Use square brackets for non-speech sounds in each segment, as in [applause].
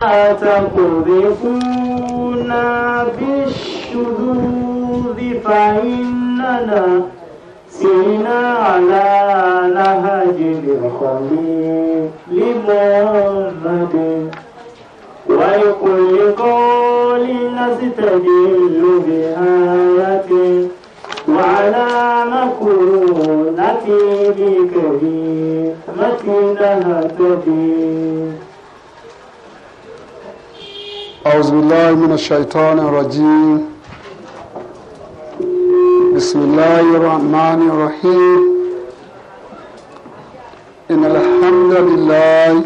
تقذفونا بالشذوذ فإننا سينا على نهج الخليل محمد ولكل قول نستدل بآية وعلى مكرونة بكريمة نهتدي أعوذ بالله من الشيطان الرجيم بسم الله الرحمن الرحيم إن الحمد لله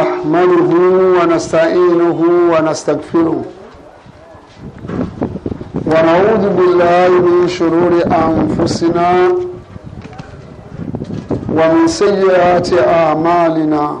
نحمده ونستعينه ونستغفره ونعوذ بالله من شرور أنفسنا ومن سيئات أعمالنا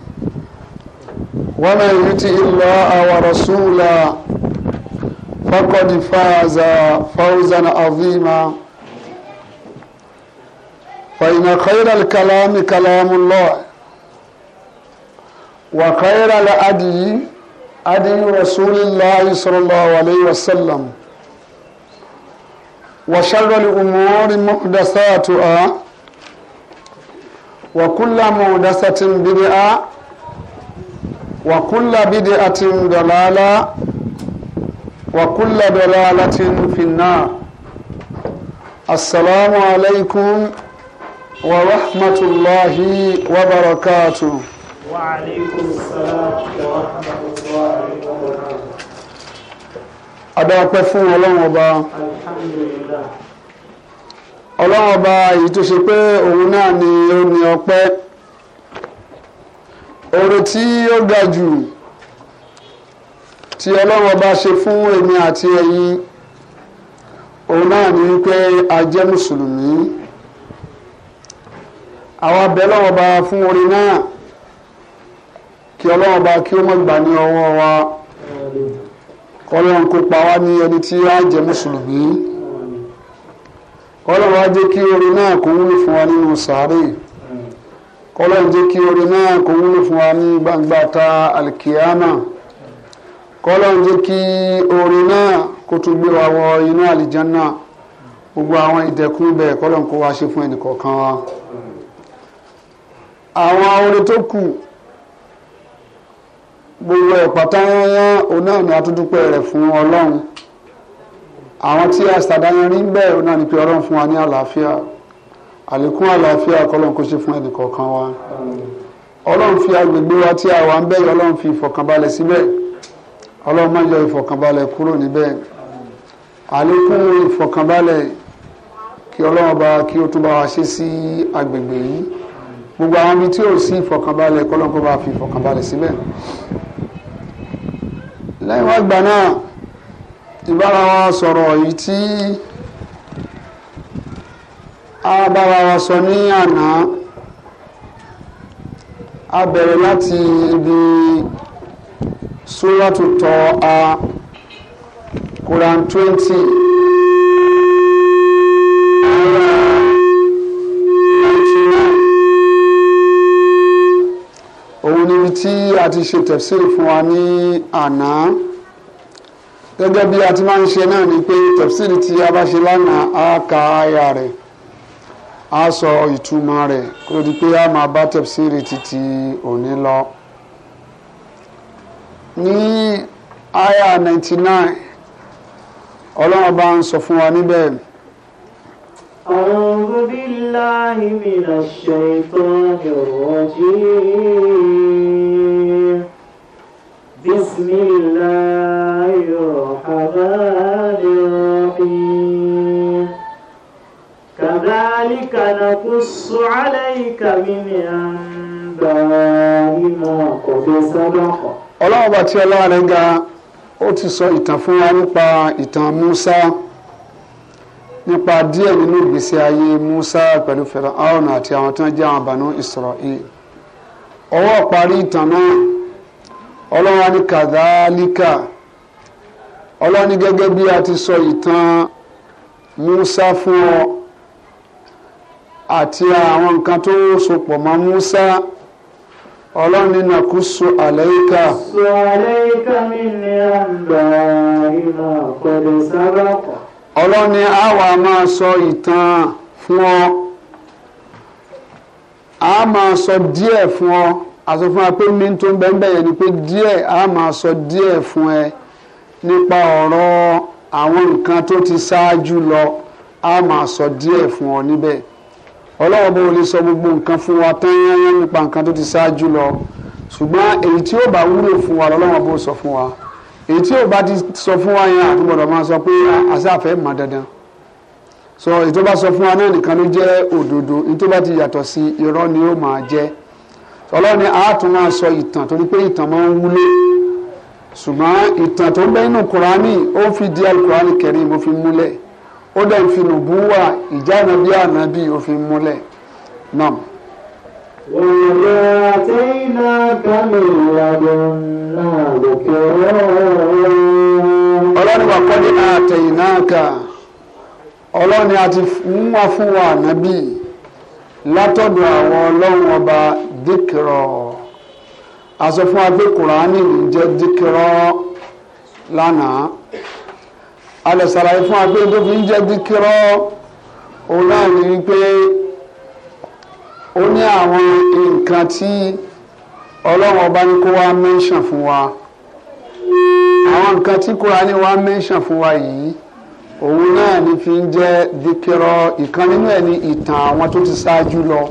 ومن يطع الله ورسوله فقد فاز فوزا عظيما فإن خير الكلام كلام الله وخير الأدي أدي رسول الله صلى الله عليه وسلم وشر الأمور محدثاتها وكل محدثة بدعة وكل بدعة ضلالة وكل ضلالة في النار السلام عليكم ورحمة الله وبركاته وعليكم السلام ورحمة الله وبركاته adáwọ̀pẹ́ fún ọlọ́run ọba alhamdulillah ọlọ́run ọba èyí tó ṣe pé òun náà ni ó ní ọpẹ́ oore tí ó ga jù tí ọlọ́run ọba ṣe fún èmi àti ẹ̀yin òun náà ni wípé a jẹ́ mùsùlùmí àwa bẹ̀ lọ́wọ́ ọba fún oore náà kí ọlọ́run ọba kí ó má gbà ní ọwọ́ wa ọlọ́run kó pa wá ní ẹni tí a jẹ́ mùsùlùmí ọlọ́run á jẹ́ kí oore náà kó wúlò fún wa nínú sàárè kọ́lọ́n jẹ́ kí oore náà kó wúlò fún wa ní gbangba ta alikiyama kọ́lọ́n jẹ́ kí oore náà kó tún gbé wa wọ inú àlìjánná gbogbo àwọn ìdẹ̀kùn bẹ́ẹ̀ kọ́lọ́n kó wa ṣe fún ẹnìkọ̀ọ̀kan wa. àwọn oore tó kù gbogbo ẹ̀pátá yányán òun náà ni atúndúpẹ́ rẹ̀ fún ọlọ́run àwọn tí a ṣàdáyẹn rí bẹ́ẹ̀ òun náà ni pé ọlọ́run fún wa ní àlàáfíà àlékún àlàáfíà kọ́lọ́n kó ṣe fún ẹnì kọ̀ọ̀kan wa ọlọ́run fi agbègbè wa tí a wà ń bẹ́ẹ̀ ọlọ́run fi ìfọ̀kànbalẹ̀ síbẹ̀ ọlọ́run má yọ ìfọ̀kànbalẹ̀ kúrò níbẹ̀ àlékún ìfọ̀kànbalẹ̀ kí ọlọ́run bá kí ó tún bá wa ṣe sí agbègbè yìí gbogbo àwọn ibi tí ò sí ìfọ̀kànbalẹ̀ kọ́lọ́n kó bá fi ìfọ̀kànbalẹ̀ síbẹ̀ lẹ́yìn wá gbà náà ìbára wa sọ̀rọ̀ yìí abára wa sọ ní àná a bẹ̀rẹ̀ láti ibi súrọ́tù tọ́ a Quran twenty. òun níbi tí a ti ṣe tẹ̀síìrì fún wa ní àná gẹ́gẹ́ bí a ti máa ń ṣe náà ni pé tẹ̀síìrì tí a bá ṣe lánàá a kà á yà rẹ̀ a sọ ìtumọ̀ rẹ̀ kó di pé a máa bá tẹ̀síìrì títí òní lọ. ní àyà 99 ọlọ́run bá ń sọ fún wa níbẹ̀. أعوذ بالله من الشيطان الرجيم بسم الله ذلك نقص عليك من أنباء ما قد سبق ọlọ́run ọba tí ọlọ́run rẹ̀ ga ó ti sọ ìtàn fún wa nípa ìtàn Musa nípa díẹ̀ nínú ìgbésí ayé Musa pẹ̀lú Fáráò àti àwọn tó ń jẹ́ àwọn Banu Israel ọwọ́ parí ìtàn náà ọlọ́run ní kàdálíkà ọlọ́run gẹ́gẹ́ bí a ti sọ ìtàn Musa fún ọ àti àwọn nǹkan tó sopọ̀ mọ́ Musa ọlọ́run ní nàkúso àlẹ́yíká. sọ àlẹ́yíká mi ní àgbà ìlà pẹ̀lú sábàpọ̀. ọlọ́run ní àwa máa sọ ìtàn fún ọ a máa sọ díẹ̀ fún ọ àti fún wa mi tó ń bẹ́ẹ̀ bẹ́ẹ̀ yẹn ni pé díẹ̀ a máa sọ díẹ̀ fún ẹ nípa ọ̀rọ̀ àwọn nǹkan tó ti ṣáájú lọ a máa sọ díẹ̀ fún ọ níbẹ̀ ọlọ́run bó lè sọ gbogbo nǹkan fún wa tán nípa nǹkan tó ti ṣáájú lọ ṣùgbọ́n èyí tí ó bá wúlò fún wa lọ́lọ́run bó sọ fún wa èyí tí ó bá ti sọ fún wa yẹn àtúbọ̀dọ̀ máa sọ pé àṣàfẹ́ mà dandan sọ èyí tó bá sọ fún wa náà nìkan ló jẹ́ òdodo èyí tó bá ti yàtọ̀ sí irọ́ ni ó máa jẹ́ ọlọ́run ni a tún máa sọ ìtàn torí pé ìtàn máa ń wúlò ṣùgbọ́n ìtàn tó ń bẹ nínú kùránì ó fi di alukùránì kẹrin mo fi múlẹ̀ ó dẹ̀ fi nùbú wà ìjánu bí ànábì òfin múlẹ̀ náà. Wàlúwà àtẹ́yìnà kánú ìyàgbọ́n náà lókè ọ̀rọ̀. Ọlọ́run wà kọ́ ní àtẹ̀yìnà kà ọlọ́run a ti mú wá fún wa ànábì látọ̀dọ̀ àwọn ọlọ́run ọba díkìrọ̀ a sọ fún wa pé kùránì ń jẹ́ díkìrọ̀ lánàá a lè ṣàlàyé fún wa pé tó fi ń jẹ́ díkírọ́ òun náà ní wípé ó ní àwọn nǹkan tí ọlọ́run ọba ní kó wá mẹ́ńṣàn fún wa àwọn nǹkan tí Kùránì wá mẹ́ńṣàn fún wa yìí òun náà ní fi ń jẹ́ díkírọ́ ìkan nínú ẹ̀ ní ìtàn àwọn tó ti ṣáájú lọ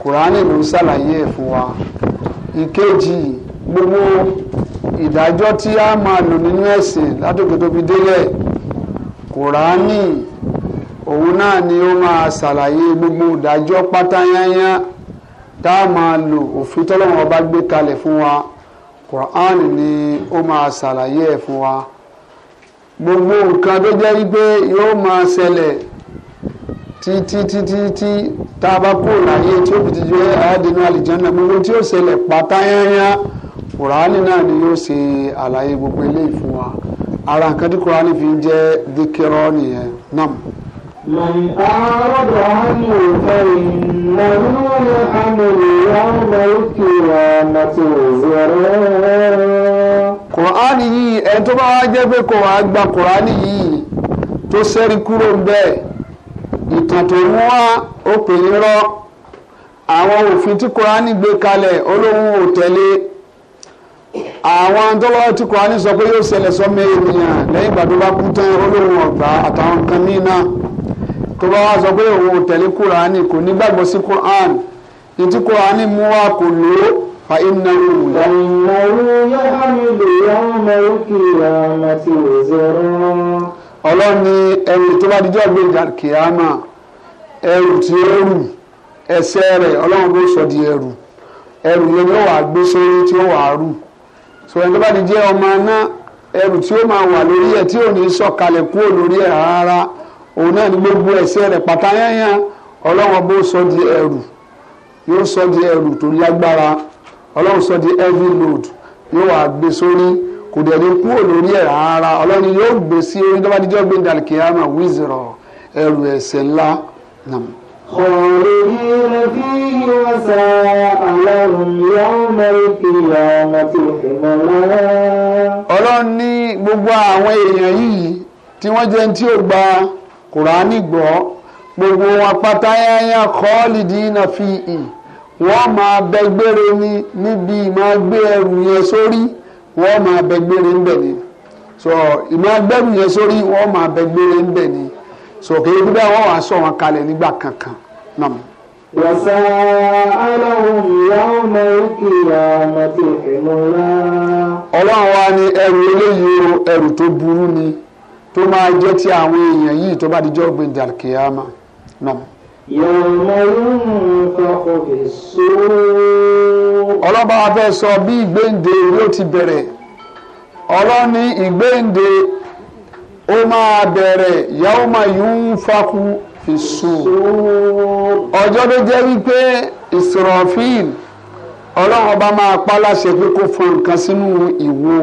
Kùránì ló ń ṣàlàyé ẹ̀ fún wa ìkejì yìí gbogbo ìdájọ́ tí a máa lò nínú ẹ̀sìn látòkè tó fi délẹ̀ kùránì òun náà ni ó máa ṣàlàyé gbogbo ìdájọ́ pátáyányá tá a máa lò òfin tọ́lọ́wọ́n ọba gbé kalẹ̀ fún wa kùránì ni ó máa ṣàlàyé ẹ̀ fún wa gbogbo nǹkan tó jẹ́ wípé yóò máa ṣẹlẹ̀ títítítítí tá a bá kúrò láyé tí ó fi ti jẹ́ àádínú àlìjánná gbogbo tí ó ṣẹlẹ̀ pátáyányá kùránì náà ni yóò ṣe àlàyé gbogbo eléyìí fún wa ara nǹkan tí kùránì fi ń jẹ́ díkírọ́ nìyẹn náà. من أعرض عنه فإنه يحمل يوم القيامة وزرا kùránì yìí ẹni tó bá wá jẹ́ pé kò wá gba kùránì yìí tó sẹ́rí kúrò bẹ́ẹ̀ ìtàn tó mú wá ó pè é rọ́ àwọn òfin tí kùránì gbé kalẹ̀ olóhùn ò tẹ̀lé àwọn tọ́lọ́wọ́ tí kùránì sọ pé yóò ṣẹlẹ̀ sọ́mọ ènìyàn lẹ́yìn ìgbà tó bá kú tán olóhùn ọ̀gbà àtàwọn nǹkan míì náà tó bá wá sọ pé òun ò tẹ̀lé kùránì kò ní gbàgbọ́ sí kùránì ní tí kùránì mú wa kò lò ó fa iná òun lọ. ìlànà òun yóò hàn mí lè yá ọmọ òkè àmà tí ò zẹrọ. ọlọ́run ni ẹrù tó bá dijọ́ gbé kìámà ẹrù tí ó rù rẹ̀ ọlọ́run ló sọ di ẹrù ẹrù yẹn yóò wà gbé sórí tí ó wà rù so ẹni tó bá ti jẹ́ ọmọ náà ẹrù tí ó máa wà lórí ẹ̀ tí ò ní sọ̀kalẹ̀ kúrò lórí ẹ̀ rárá òun náà ní gbogbo ẹ̀ṣẹ̀ rẹ̀ pátáyáyá ọlọ́run bó sọ di ẹrù yóò sọ di ẹrù tó lágbára ọlọ́run sọ di heavy load yóò wà gbé sórí kò dẹ̀ ní kúrò lórí ẹ̀ rárá ọlọ́run yóò gbé sí orí tó bá ti jẹ́ gbé dàlùkìyàmà wíìzì ẹrù ẹ̀ṣẹ̀ ńlá nàmú. خالدين فيه وساء لهم يوم القيامة حملا. ọlọ́run ní gbogbo àwọn èèyàn yìí tí wọ́n jẹ́ tí ó gba kùránì gbọ́ gbogbo wọn pátáyáyá khalidina fihi wọ́n máa bẹ gbére ní níbi máa gbé ẹrù yẹn sórí wọ́n máa bẹ gbére ńbẹ̀ ni so ìmáa gbẹ́rù yẹn sórí wọ́n máa bẹ gbére ńbẹ̀ ni. So, so kì í gbígbá wọn wà sọ wọn kankan náà. Wàsá aláwọ̀ ìyáwó àmàtì Ọlọ́run wa ni ẹrù o ẹrù tó burú ni tó máa jẹ́ ti àwọn èèyàn yìí tó bá di jọ́ gbé dàkíyàmá náà. Yàrá yóò fa òkè sóró. Ọlọ́ba wa sọ bí ìgbéǹde yóò ti bẹ̀rẹ̀. Ọlọ́ni ìgbéǹde ó máa bẹ̀rẹ̀ yawma yunfaku fi sur ọjọ́ tó jẹ́ wípé Israfil ọlọ́run ọba máa pa láṣẹ pé kó fọn nǹkan sínú ìwo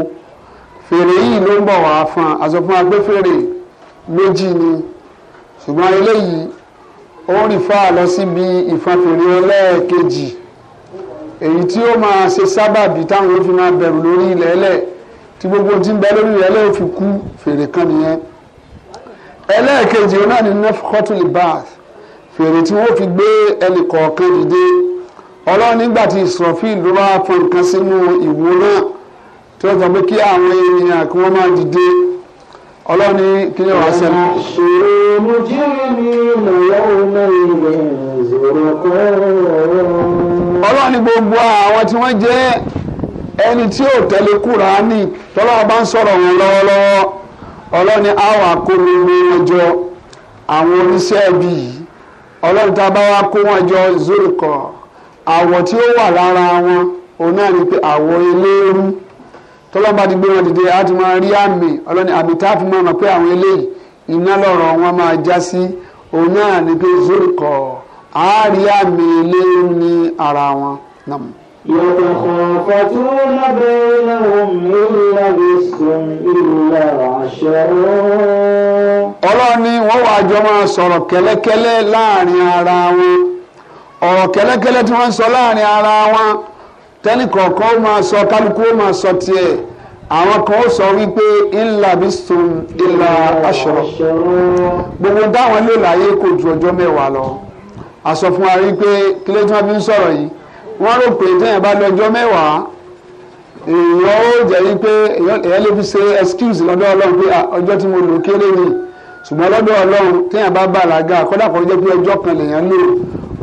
fèrè yìí ló ń bọ̀ wá fún aṣọ fún agbẹ́fèrè méjì ni ṣùgbọ́n eléyìí ó rì fà lọ síbi ìfọ̀nfèrè ẹlẹ́ẹ̀kejì èyí tí ó máa ṣe sábàbí táwọn ó máa bẹ̀rù lórí ilẹ̀ ẹlẹ́ẹ̀ tí gbogbo tí ń bẹ lórí rẹ̀ lẹ́yìn fi kú fèrè kan nìyẹn ẹlẹ́ẹ̀kejì náà ni nefcotil bath fèrè tí wọ́n fi gbé ẹnì kọ̀ọ̀kan dìde ọlọ́run nígbà tí Israfil ló bá fọ nǹkan sínú ìwo náà tí wọ́n sọ pé kí àwọn ènìyàn kí wọ́n máa dìde ọlọ́run ní kí ni wàá sẹ́nu. ṣòro mo jí mi ìnáwó náà ilẹ̀ ìzòro kan. ọlọ́run ní gbogbo àwọn tí wọ́n jẹ́ ẹni tí ò tẹ̀lé kúránì tọ́lọ́wọ́ bá ń sọ̀rọ̀ wọn lọ́wọ́lọ́wọ́ ọlọ́ni àwọn akólóró wọn jọ àwọn oníṣẹ́ ibi ọlọ́ni tá a bá wá kó wọn jọ zorikọ àwọ̀ tí ó wà lára wọn òun náà ni pé àwọ̀ eléérú ti gbé wọn dìde á ti máa a fi máa mọ̀ pé àwọn eléyìí iná lọ́rọ̀ wọn máa já sí òun náà ni pé zorikọ àárí àmì يتخافتون بينهم إن لبثتم إلا عشرا ọlọ́run ni wọ́n wàá jọ máa sọ̀rọ̀ kẹ́lẹ́kẹ́lẹ́ láàrin ara wọn ọ̀rọ̀ kẹ́lẹ́kẹ́lẹ́ tí wọ́n ń sọ láàrin ara wọn tẹ́nìkọ̀ọ̀kan ó máa sọ kálukú ó máa sọ tiẹ̀ àwọn kan ó sọ wípé ńlá bí sùn ńlá aṣọ gbogbo dáwọn lè láyé kò ju ọjọ́ mẹ́wàá lọ àsọ fún wa wípé kílẹ̀ tí wọ́n fi ń sọ̀rọ̀ yìí wọ́n rò pé téèyàn bá lọ́jọ́ mẹ́wàá èèyàn ó jẹ́ yí pé èèyàn lè fi ṣe excuse lọ́dọ̀ ọlọ́run pé ọjọ́ tí mo lò kéré ni ṣùgbọ́n lọ́dọ̀ ọlọ́run téèyàn bá bàlágà kọ́dà kọ́ jẹ́ pé ọjọ́ kan lèèyàn lò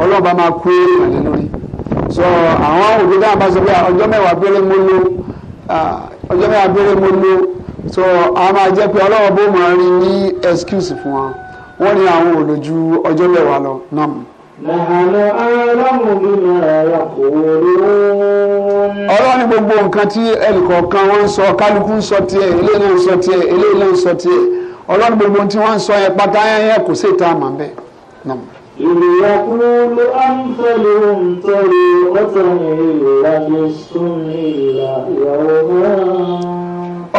ọlọ́run bá máa kú èèyàn lórí so àwọn òbí dáhùn bá sọ pé ọjọ́ mẹ́wàá péré mo lò ọjọ́ mẹ́wàá péré mo lò so a máa jẹ́ pé ọlọ́run bó máa rí ní excuse fún wa wọ́n ní àwọn òlòjú ọjọ́ mẹ́wàá lọ náà. نحن ọlọ́run ní gbogbo nǹkan tí ẹnìkọ̀ọ̀kan wọn ń sọ kálukú ń sọ tiẹ̀ eléyìí náà ń sọ tiẹ̀ eléyìí náà ń sọ tiẹ̀ ọlọ́run gbogbo tí wọ́n ń sọ yẹn pátá yẹn kò sí ìta àmà bẹ́ẹ̀.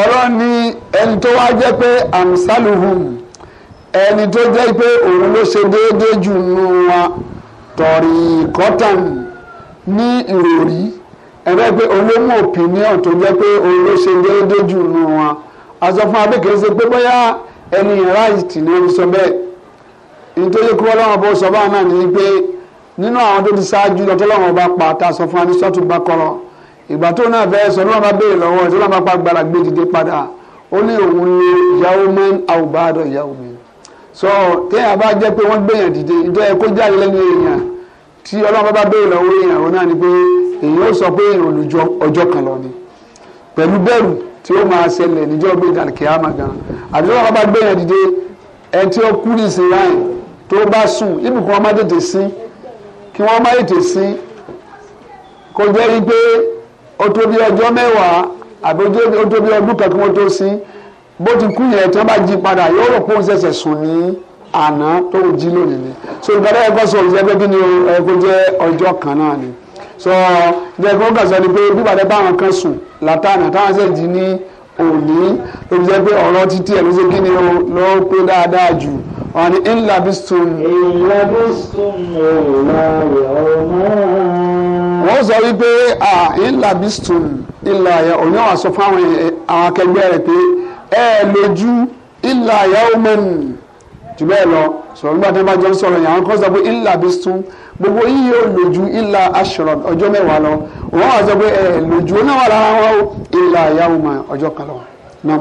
ọlọ́run ní ẹni tó wá jẹ́ pé ẹni tó jẹ́ pé òun ló ṣe déédéé tọ̀rí kọ́tàn ní ìròrí ẹgbẹ́ pé olómù opinion tó jẹ́ pé òun déédéé jù nù wọn aṣọ fún pé bóyá ẹni right ni wọ́n sọ bẹ́ẹ̀ nítorí kí wọ́n lọ́wọ́ bó sọ báwọn náà ní pé nínú àwọn tó ti ṣáájú lọ tó lọ́wọ́ bá pa ta sọ fún anisọ́tù bá kọ́rọ̀ ìgbà tó náà fẹ́ sọ lọ́wọ́ bá béèrè lọ́wọ́ tó lọ́wọ́ bá pa gbára gbé dìde padà ó ní òun lo yahoo man àwùbá àdọ̀ yahoo so téèyàn bá jẹ́ pé wọ́n gbẹ̀yàn dìde ìjọ yẹ kó jáde lẹ́nu èèyàn tí ọlọ́run bá béèrè lọ́wọ́ èèyàn òun náà ni pé èèyàn ó sọ pé èèyàn olùjọ ọjọ́ kan lọ ni pẹ̀lú bẹ́ẹ̀rù tí ó máa ṣẹlẹ̀ níjọ́ gbé dàn kíámà gan àti ọlọ́run bá gbẹ̀yàn dìde ẹ tí ó kú ní ìsìn láì tó bá sùn ibùkún wọn má tètè sí kí wọ́n má tètè sí kó jẹ́ wípé ó tó bí ọjọ́ mẹ́wàá àbójú ó tó bí ọdún kan kí wọ́n tó sí bó ti kú yẹn tí wọ́n bá jí padà yóò rò pọ́n ṣẹ̀ṣẹ̀ sùn ní àná tó ń jí lónìí ni so ìgbàdá ẹ̀kọ́ sọ ìṣẹ́ pé kí ni ẹ̀kọ́ jẹ́ ọjọ́ kan náà ni so ìgbàdá ẹ̀kọ́ sọ ni pé bíbàdá báwọn kan sùn látànà táwọn ṣẹ̀ jí ní òní ló jẹ́ pé ọ̀rọ̀ títí ẹ̀ ló ṣe kí ni o ló pé dáadáa jù wọn ni ńlá bí stone. ńlá bí stone ọ̀la rẹ̀ ọmọ. wọ́n sọ wípé ńlá bí stone ńlá yẹn òní àwọn sọ fún àwọn akẹgbẹ́ rẹ̀ pé ẹ lójú ìlà yawman jù bẹ́ẹ̀ lọ sọ̀rọ̀ nígbà tí wọ́n bá jọ ń sọ̀rọ̀ yẹn àwọn kan sọ pé ìlà bistum gbogbo yìí yóò lójú ìlà ashrod ọjọ́ mẹ́wàá lọ wọ́n wá sọ pé ẹ lójú ó náà wà lára wọn o ìlà yawman ọjọ́ kan lọ náà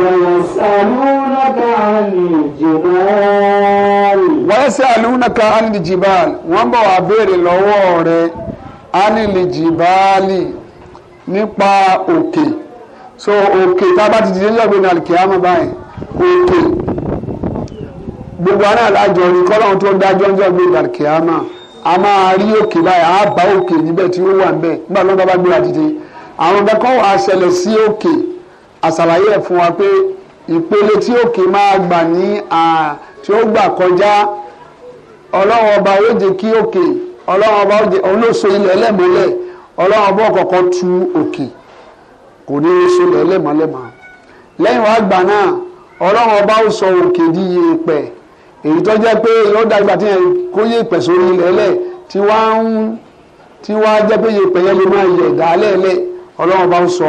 wọ́n ṣe àlùnàkà anìlìjìbáàlì wọ́n bọ̀ wá béèrè lọ́wọ́ rẹ̀ anìlìjìbáàlì nípa òkè. Okay so òkè tá a bá ti dìde lọ́gbẹ́ ní alikiyama báyìí òkè gbogbo ara àlájọ rí kọ́lọ́hún tó dájọ́ ń jọ́gbẹ́ ní alikiyama a máa rí òkè báyìí a bá òkè níbẹ̀ tí ó wà níbẹ̀ nígbà lọ́dọ̀ bá gbéra dìde àwọn ọ̀dọ́ kan wàá ṣẹlẹ̀ sí òkè àṣàlàyé ẹ̀ fún wa pé ìpele tí òkè máa gbà ní tí ó gbà kọjá ọlọ́run ọba ó jẹ́ kí òkè ọlọ́run ọba kò ní í ṣe lọ lẹ́mọ̀lẹ́mọ̀ lẹ́yìn wá gbà náà ọlọ́run ọba ó sọ òkè di yèèpẹ̀ èyí tó jẹ́ pé yóò dàgbà tí yẹn kó yèèpẹ̀ sórí ilẹ̀ lẹ̀ tí wá ń tí wá jẹ́ pé yèèpẹ̀ yẹn lè máa yẹ̀ dá lẹ̀ ọlọ́run ọba ó sọ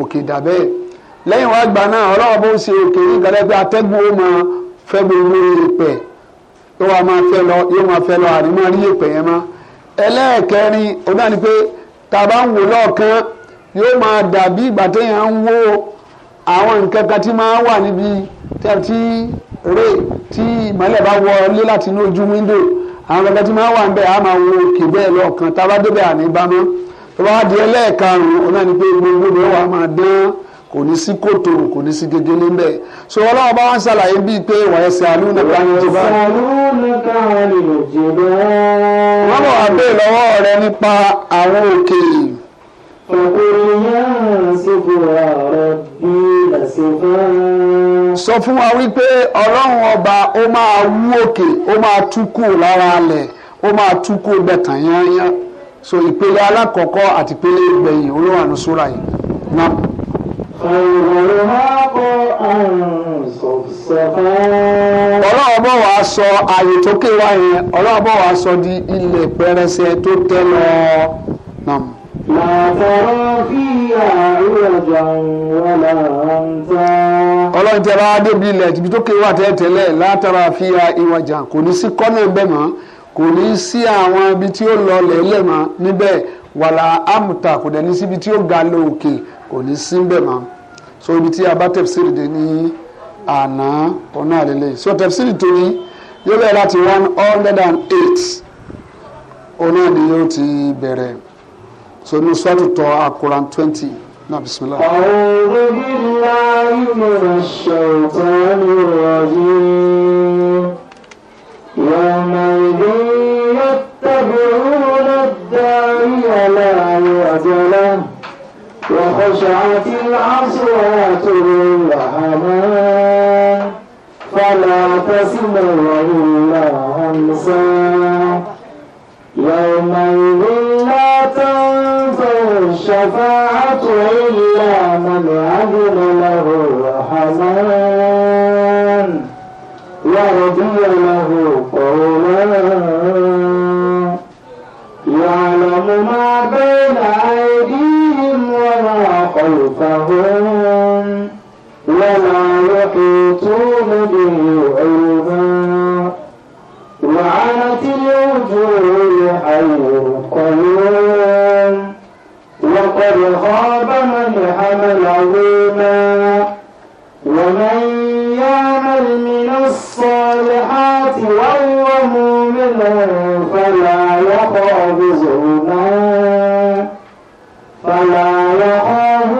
òkè dàbẹ́ lẹ́yìn wá gbà náà ọlọ́run ọba ó ṣe òkè ní ìgbàlẹ́ pé atẹ́gùn ó máa fẹ́ gbogbo yèèpẹ̀ yóò wá máa fẹ́ lọ yóò máa fẹ́ lọ àrímọ́ rí yèèpẹ̀ yẹn mọ́ ẹlẹ́ẹ̀kẹrin onáà yóò máa dàbí ìgbà téèyàn ń wo àwọn nǹkan kan tí máa wà níbi tí rè tí ìmọ̀lẹ̀ bá wọlé láti inú ojú wíńdò àwọn kankan tí máa wà ń bẹ̀ á máa wo òkè bẹ́ẹ̀ lọ́ọ̀kan tá a bá débẹ̀ àní bá mọ́ tó bá di ẹlẹ́ẹ̀karùn-ún ọ̀nà ni pé gbogbo mi wà máa dán kò ní sí kòtò kò ní sí gegele ń bẹ̀ so ọlọ́wọ́ bá wá ń ṣàlàyé bíi pé wàá ṣe àlù nípa ní ti bá. wọ́n bọ̀ lọ́wọ́ rẹ nípa àwọn òkè فقل ينسفها ربي نسفا. sọ fún wa wípé ọlọ́run ọba ó máa wú òkè ó máa tú kù lára alẹ̀ ó máa tú kù bẹ̀tàn yányán so ìpele alákọ̀ọ́kọ́ àti ìpele ìgbẹ̀yìn olówó àánú sóra yìí náà. ọlọ́run bọ̀ wá sọ ààyè tó kéwàá yẹn ọlọ́run bọ̀ wá sọ di ilẹ̀ pẹrẹsẹ tó tẹ́ lọ náà ọlọ́run tí a bá débi ilẹ̀ ibi tó kéwà tẹ́tẹ́lẹ̀ látara fi ha ìwàjà kò ní sí kọ́nà ẹgbẹ́ mọ́ kò ní sí àwọn ibi tí ó lọ lẹ́lẹ̀ mọ́ níbẹ̀ wàlà àmùtà kò dẹ̀ ní síbi tí ó ga lóòkè kò ní sí níbẹ̀ mọ́ so ibi tí a bá tẹ̀síìrì dé ní àná ọ̀nà àlélẹ̀ so tẹ̀síìrì tó ní yóò bẹ̀rẹ̀ láti one hundred and eight ọ̀nà ni yóò ti bẹ̀rẹ̀ so ní sọ́ọ̀tù tọ́ akoran twenty náà bisimilah. أعوذ بالله من الشيطان الرجيم يومئذ يتبعون الداعي لا يعجل وخشعت الأصوات للرحمن فلا تسمع إلا همسا يومئذ شفاعة خاب من حمل ظلما ومن يعمل من الصالحات وهو مؤمن فلا يخاف ظلما فلا يخاف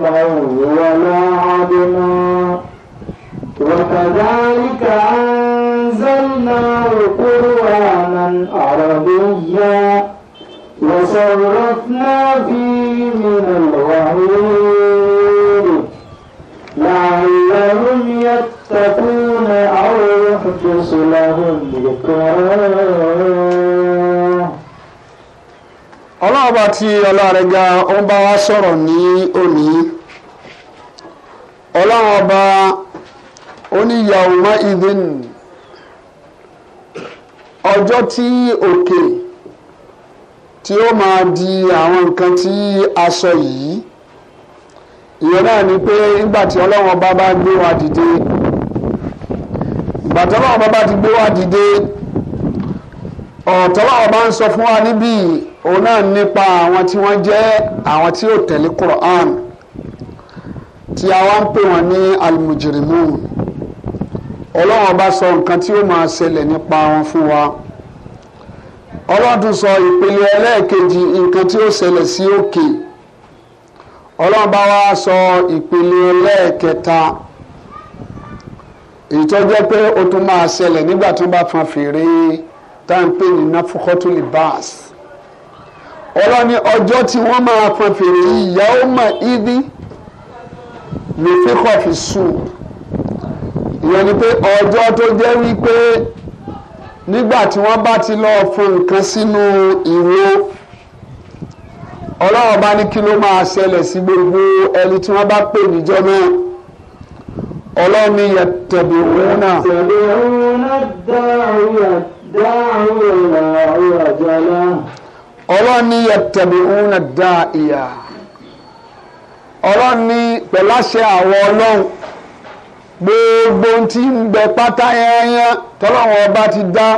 ظلما ولا عدما وكذلك أنزلناه قرآنا عربيا وصرفنا فيه من الوعيد لعلهم يتقون أو يحدث لهم ذكرا ọlọ́run bá ti ọlá rẹ̀ ga ó ń bá wa sọ̀rọ̀ ní òní ọlọ́run oníyàwó ìdín ọjọ́ tí òkè. Okay tí ó máa di àwọn nǹkan tí a sọ yìí ìyẹn náà ni pé nígbà tí ọlọ́run ọba bá gbé wa dìde ìgbà tí ọlọ́run ọba bá ti gbé wa dìde ọ̀tọ́lá ọba ń sọ fún wa níbí òun náà nípa àwọn tí wọ́n jẹ́ àwọn tí ò tẹ̀lé Qur'an tí a wá ń pè wọ́n ní almujrimun ọlọ́run ọba sọ nǹkan tí ó máa ṣẹlẹ̀ nípa wọn Fún wa ọlọ́run tún sọ ìpele ẹlẹ́ẹ̀kejì nǹkan tí ó ṣẹlẹ̀ sí òkè ọlọ́run bá wá sọ ìpele ẹlẹ́ẹ̀kẹta èyí tó jẹ́ pé ó tún máa ṣẹlẹ̀ nígbà tó bá fan fèrè tá à ń pè ní nafukotuli bass ọlọ́run ọjọ́ tí wọ́n máa fan fèrè yìí ìyá ó ídí lè fi kọ́ fi sùn ìyẹn ni pé ọjọ́ tó jẹ́ wípé. nígbà tí wọ́n bá ti lọ fún nǹkan sínú ìwo ọlọ́run bá ní kí ló máa ṣẹlẹ̀ sí gbogbo ẹni tí wọ́n bá pè níjọ́ náà ọlọ́run ní yẹ tẹ̀lé òun náà. ọlọ́run ní yẹ tẹ̀lé òun náà dá ìyà gbogbo tí ń bẹ pátá yányán tọ́lọ́wọ́n ọba ti dá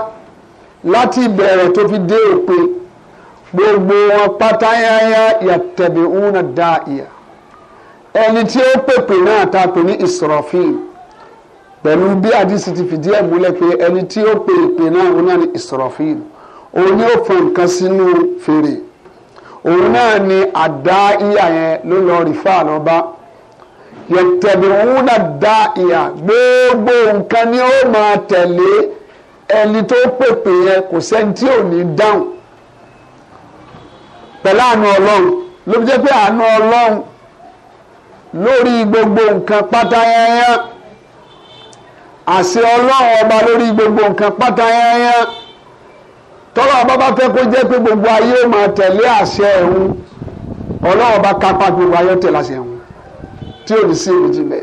láti ìbẹ̀rẹ̀ tó fi dé òpin gbogbo wọn pátá yányán yàtẹ̀bẹ̀ òun dá ìyà ẹni tí ó pèpè náà ta pè ní Israfil pẹ̀lú bí àdìsí ti fìdí ẹ̀ múlẹ̀ pé ẹni tí ó pèpè náà òun náà ní Israfil òun ni ó fọ nǹkan sínú fèrè òun náà ni àdá ìyà yẹn ló lọ rí fáà lọ́ba yẹtẹ̀bìrúnà dá ìyà gbogbo nǹkan ni ó máa tẹ̀lé ẹni tó pèpè yẹn kò sẹ́ni tí ò ní dáhùn pẹ̀lú àánú ọlọ́run ló fi jẹ́ pé àánú ọlọ́run lórí gbogbo nǹkan pátá yẹn àṣẹ ọlọ́run ọba lórí gbogbo nǹkan pátá yẹn tọ́lá ọba bá fẹ́ kó jẹ́ pé gbogbo ayé máa tẹ̀lé àṣẹ ẹ̀hún ọlọ́run ọba kápá gbogbo ayé tẹ̀lé àṣẹ ẹ̀hún tí ò ní sí èméjì mẹ́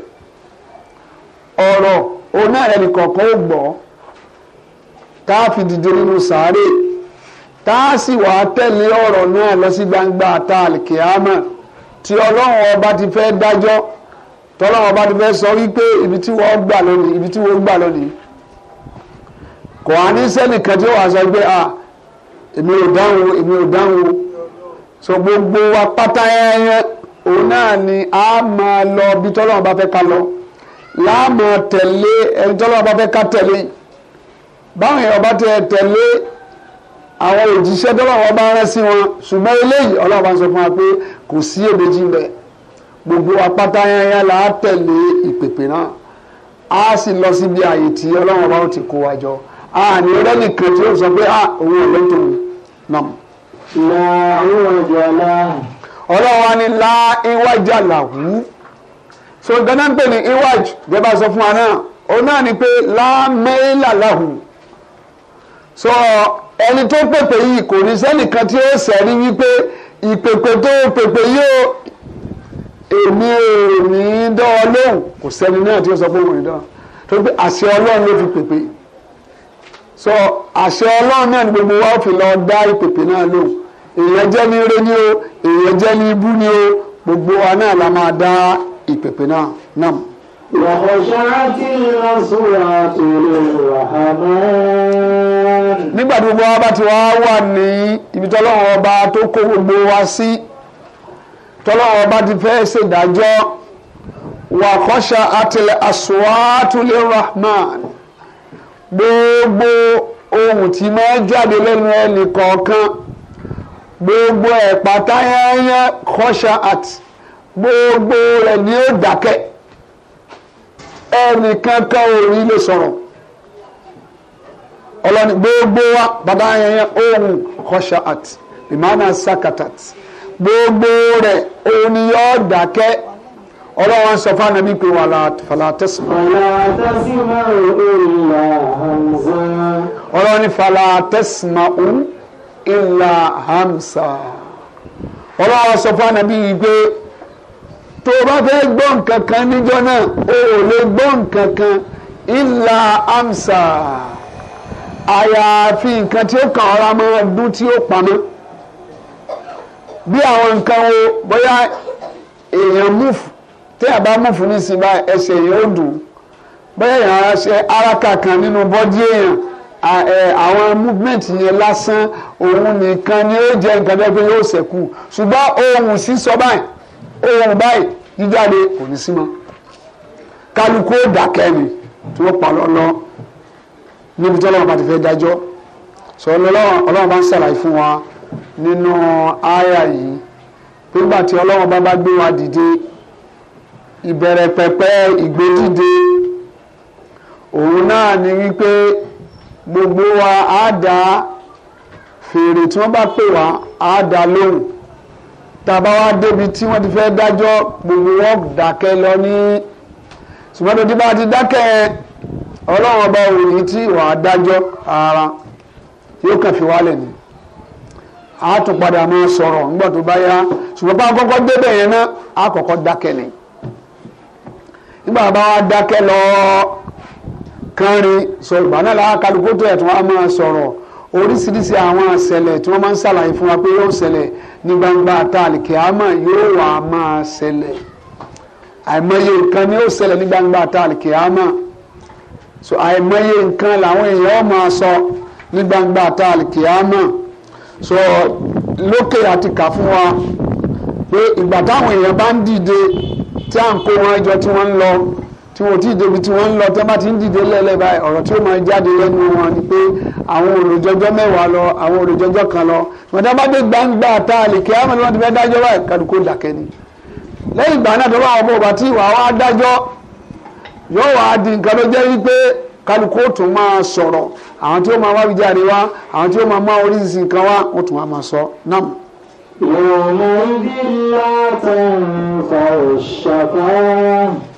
ọ̀rọ̀ òun náà ẹnì kọ̀ọ̀kan ó gbọ́ tá a fi dìde nínú sàárè tá a sì wá tẹ̀lé ọ̀rọ̀ náà lọ sí gbangba àta àlìkèámà tí ọlọ́run ọba ti fẹ́ dájọ́ tọ́lọ́run ọba ti fẹ́ sọ wípé ibi tí wọ́n gbà lónìí ibi tí wọ́n gbà lónìí kò á ní sẹ́nìkan tí ó wà sọ pé ah èmi ò dáhùn èmi ò dáhùn so gbogbo wa pátá yẹn yẹn òun náà ni a máa lọ bí tọ́lọ́run bá fẹ́ ká lọ láàmú tẹ̀lé ẹni tọ́lọ́run bá fẹ́ ká tẹ̀lé báwọn èèyàn bá tẹ tẹ̀lé àwọn òjíṣẹ́ tọ́lọ́run bá rán sí wọn ṣùgbọ́n eléyìí ọlọ́run bá ń sọ fún wa pé kò sí èméjì bẹ́ẹ̀ gbogbo apáta yẹn là á tẹ̀lé ìpèpè náà a sì lọ síbi àyè tí ọlọ́run bá ti kó wa jọ àní rẹ́ nìkan tí ó sọ pé ah, òun ò lọ́tò náà. làwọn ọjọ́ náà ọlọ́run wa ni la iwájà làwù so gánà ń pè ní iwáj gẹ́gẹ́ sọ fún wa náà òun náà ni pé la mẹ́là làwù so ẹni tó pèpè yìí kò ní sẹ́nìkan tí ó sẹ́rí wípé ìpèpè tó pèpè yìí ó èmi ò ní dánwọ́ lóhùn kò sẹ́ni náà tí ó sọ fún òun ìdánwọ́ tó pé àṣẹ ọlọ́run ló fi pèpè so àṣẹ ọlọ́run náà ni gbogbo wa ó fi lọ dá ìpèpè náà lóhùn èèyàn jẹ́ ní ire ni o èèyàn jẹ́ ní ibú ni o gbogbo wa náà la máa dá ìpèpè náà náà. Nígbà tí gbogbo wa bá ti wá wà ní ibi tọ́lọ́wọ́ ọba tó kó gbogbo wa sí tọ́lọ́wọ́ ọba ti fẹ́ ṣèdájọ́ wà kọ́ṣà àṣùwàtúlẹ̀ rahman gbogbo ohun tí máa jáde lẹ́nu ẹnì kọ̀ọ̀kan gbogbo ẹ̀ pátá yányán kọ́ṣà at gbogbo rẹ̀ ni ó dákẹ́ ẹnìkan kan ò rí lè sọ̀rọ̀ ọlọ́ni gbogbo wa bàbá yẹn ohun kọ́ṣà at ìmáàmà sakatat gbogbo rẹ̀ òun ni yóò dákẹ́ ọlọ́wọ́n sọ fún ànábì pé wàhálà falatẹ́sìmọ́. falatẹ́sìmọ́ ìlà hamza. ọlọ́ni falatẹ́sìmọ́ òun ìlà hamsa ọlọ́wọ́ sọ fún ànábì yìí pé tó o bá fẹ́ gbọ́ nǹkan kan níjọ́ náà o ò lè gbọ́ nǹkan kan ìlà hamsa àyàfi nǹkan tí ó kàn ọ́ra máa dún tí ó pamọ́ bí àwọn nǹkan wo bóyá èèyàn múfù tí a bá múfù nísìnyí báyìí ẹsẹ̀ yìí ó dùn bóyá èèyàn ara ṣe ara kàkan nínú bọ́dí èèyàn àwọn movement yẹn lásán òun nìkan ni ó jẹ́ nǹkan bẹ́ẹ̀ pé yóò ṣẹ̀kù ṣùgbọ́n ohun sísọ báyìí ohun báyìí jíjáde kò ní sí mọ́ kálukú ó dákẹ́ ni tí wọ́n pa lọ́lọ́ níbi tí ọlọ́run bá ti fẹ́ dájọ́ sọ ọlọ́run bá ń ṣàlàyé fún wa nínú àyà yìí nígbà tí ọlọ́run bá bá gbé wa dìde ìbẹ̀rẹ̀ pẹ̀pẹ̀ ìgbé òun náà ni wípé. gbogbo wa á dá fèrè tí wọ́n bá pè wá á dá lóhùn tàbá débi tí wọ́n ti fẹ́ dájọ́ gbogbo wọn dákẹ́ lọ ní ṣùgbọ́n tó ti bá ti dákẹ́ ọlọ́run ọba tí wà á dájọ́ ara yóò kàn fi wálẹ̀ ni tún padà máa sọ̀rọ̀ nígbà tó bá yá ṣùgbọ́n bá kọ́kọ́ débẹ̀ yẹn náà á kọ́kọ́ dákẹ́ ni nígbà kánrin sọ ìgbà náà làwọn kálukú tó yẹ tí wọ́n á máa sọ̀rọ̀ oríṣiríṣi àwọn àṣẹlẹ̀ tí wọ́n máa ń ṣàlàyé fún wa pé yóò ṣẹlẹ̀ ní gbangba àtàlìkè àmọ́ yóò wà máa ṣẹlẹ̀ àìmọye nǹkan ni yóò ṣẹlẹ̀ ní gbangba àtàlìkè àmọ́ so àìmọye nǹkan làwọn èèyàn máa sọ ní gbangba àtàlìkè àmọ́ so lókè àti kà fún wa pé ìgbà táwọn èèyàn bá ń dìde tí à ń kó wọn jọ tí wọ́n ń lọ tí wọ́n ti débi tí wọ́n ń lọ tó bá ti ń dìde lẹ́lẹ́ báyìí ọ̀rọ̀ tí ó máa jáde lẹ́nu wọn ni pé àwọn olùjọ́jọ́ mẹ́wàá lọ àwọn olùjọ́jọ́ kan lọ wọ́n tá bá dé gbangba tá a lè kí á mọ̀ ní wọ́n ti fẹ́ dájọ́ báyìí kálukú dákẹ́ ni. lẹ́yìn ìgbà náà tó bá wọn bọ̀ bá tí ìwà wa dájọ́ yóò wá di nǹkan ló jẹ́ wípé kálukú ó tún máa sọ̀rọ̀ àwọn tí ó máa wá wíjà ni wá àwọn tí ó máa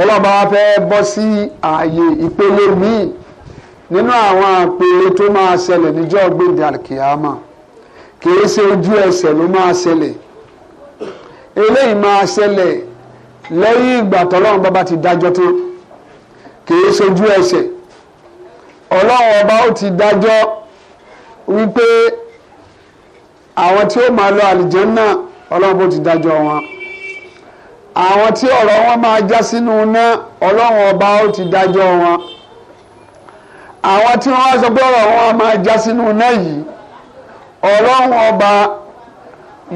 ọlọ́ba wa fẹ́ bọ́ sí ààyè ìpele míì nínú àwọn àpèlè tó máa ṣẹlẹ̀ níjọ́ gbèdé àkìyàmà kìí ṣe ojú ẹsẹ̀ ló máa ṣẹlẹ̀ eléyìí máa ṣẹlẹ̀ lẹ́yìn ìgbà tọ́lọ́run bàbá ti dájọ́ tó kìí ṣojú ẹsẹ̀ ọlọ́run ọba ó ti dájọ́ wípé àwọn tí ó máa lọ àlìjẹ́ náà ọlọ́run bó ti dájọ́ wọn àwọn tí ọ̀rọ̀ wọn máa já sínú iná ọlọ́run ọba ó ti dájọ́ wọn àwọn tí wọ́n sọ pé ọ̀rọ̀ wọn máa já sínú iná yìí ọlọ́run ọba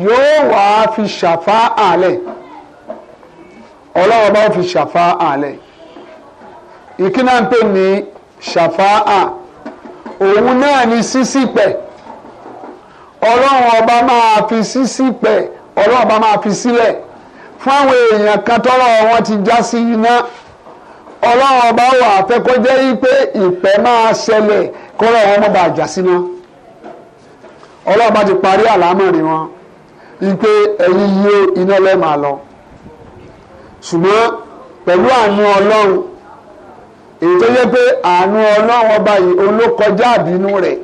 yóò wá fi ṣàfá àlẹ̀ ọlọ́run ọba ó fi ṣàfá àlẹ̀ ìkíná ń pè ní ṣàfá à òun náà ni sísí pẹ̀ ọlọ́run ọba máa fi sísí pẹ̀ ọlọ́run ọba máa fi sílẹ̀. Si fún àwọn èèyàn kan tọ́rọ̀ wọn ti já sí iná ọlọ́run ọba wà fẹ́ kó jẹ́ wípé ìpẹ́ máa ṣẹlẹ̀ kọ́rọ̀ wọn mọ̀ bá já síná ọlọ́run bá ti parí àlámọ̀rí wọn wípé ẹ̀yin yé iná lẹ́ẹ̀ máa lọ ṣùgbọ́n pẹ̀lú àánú ọlọ́run èyí tó yẹ pé àánú ọlọ́run ọba yìí olókọjá àbínú rẹ̀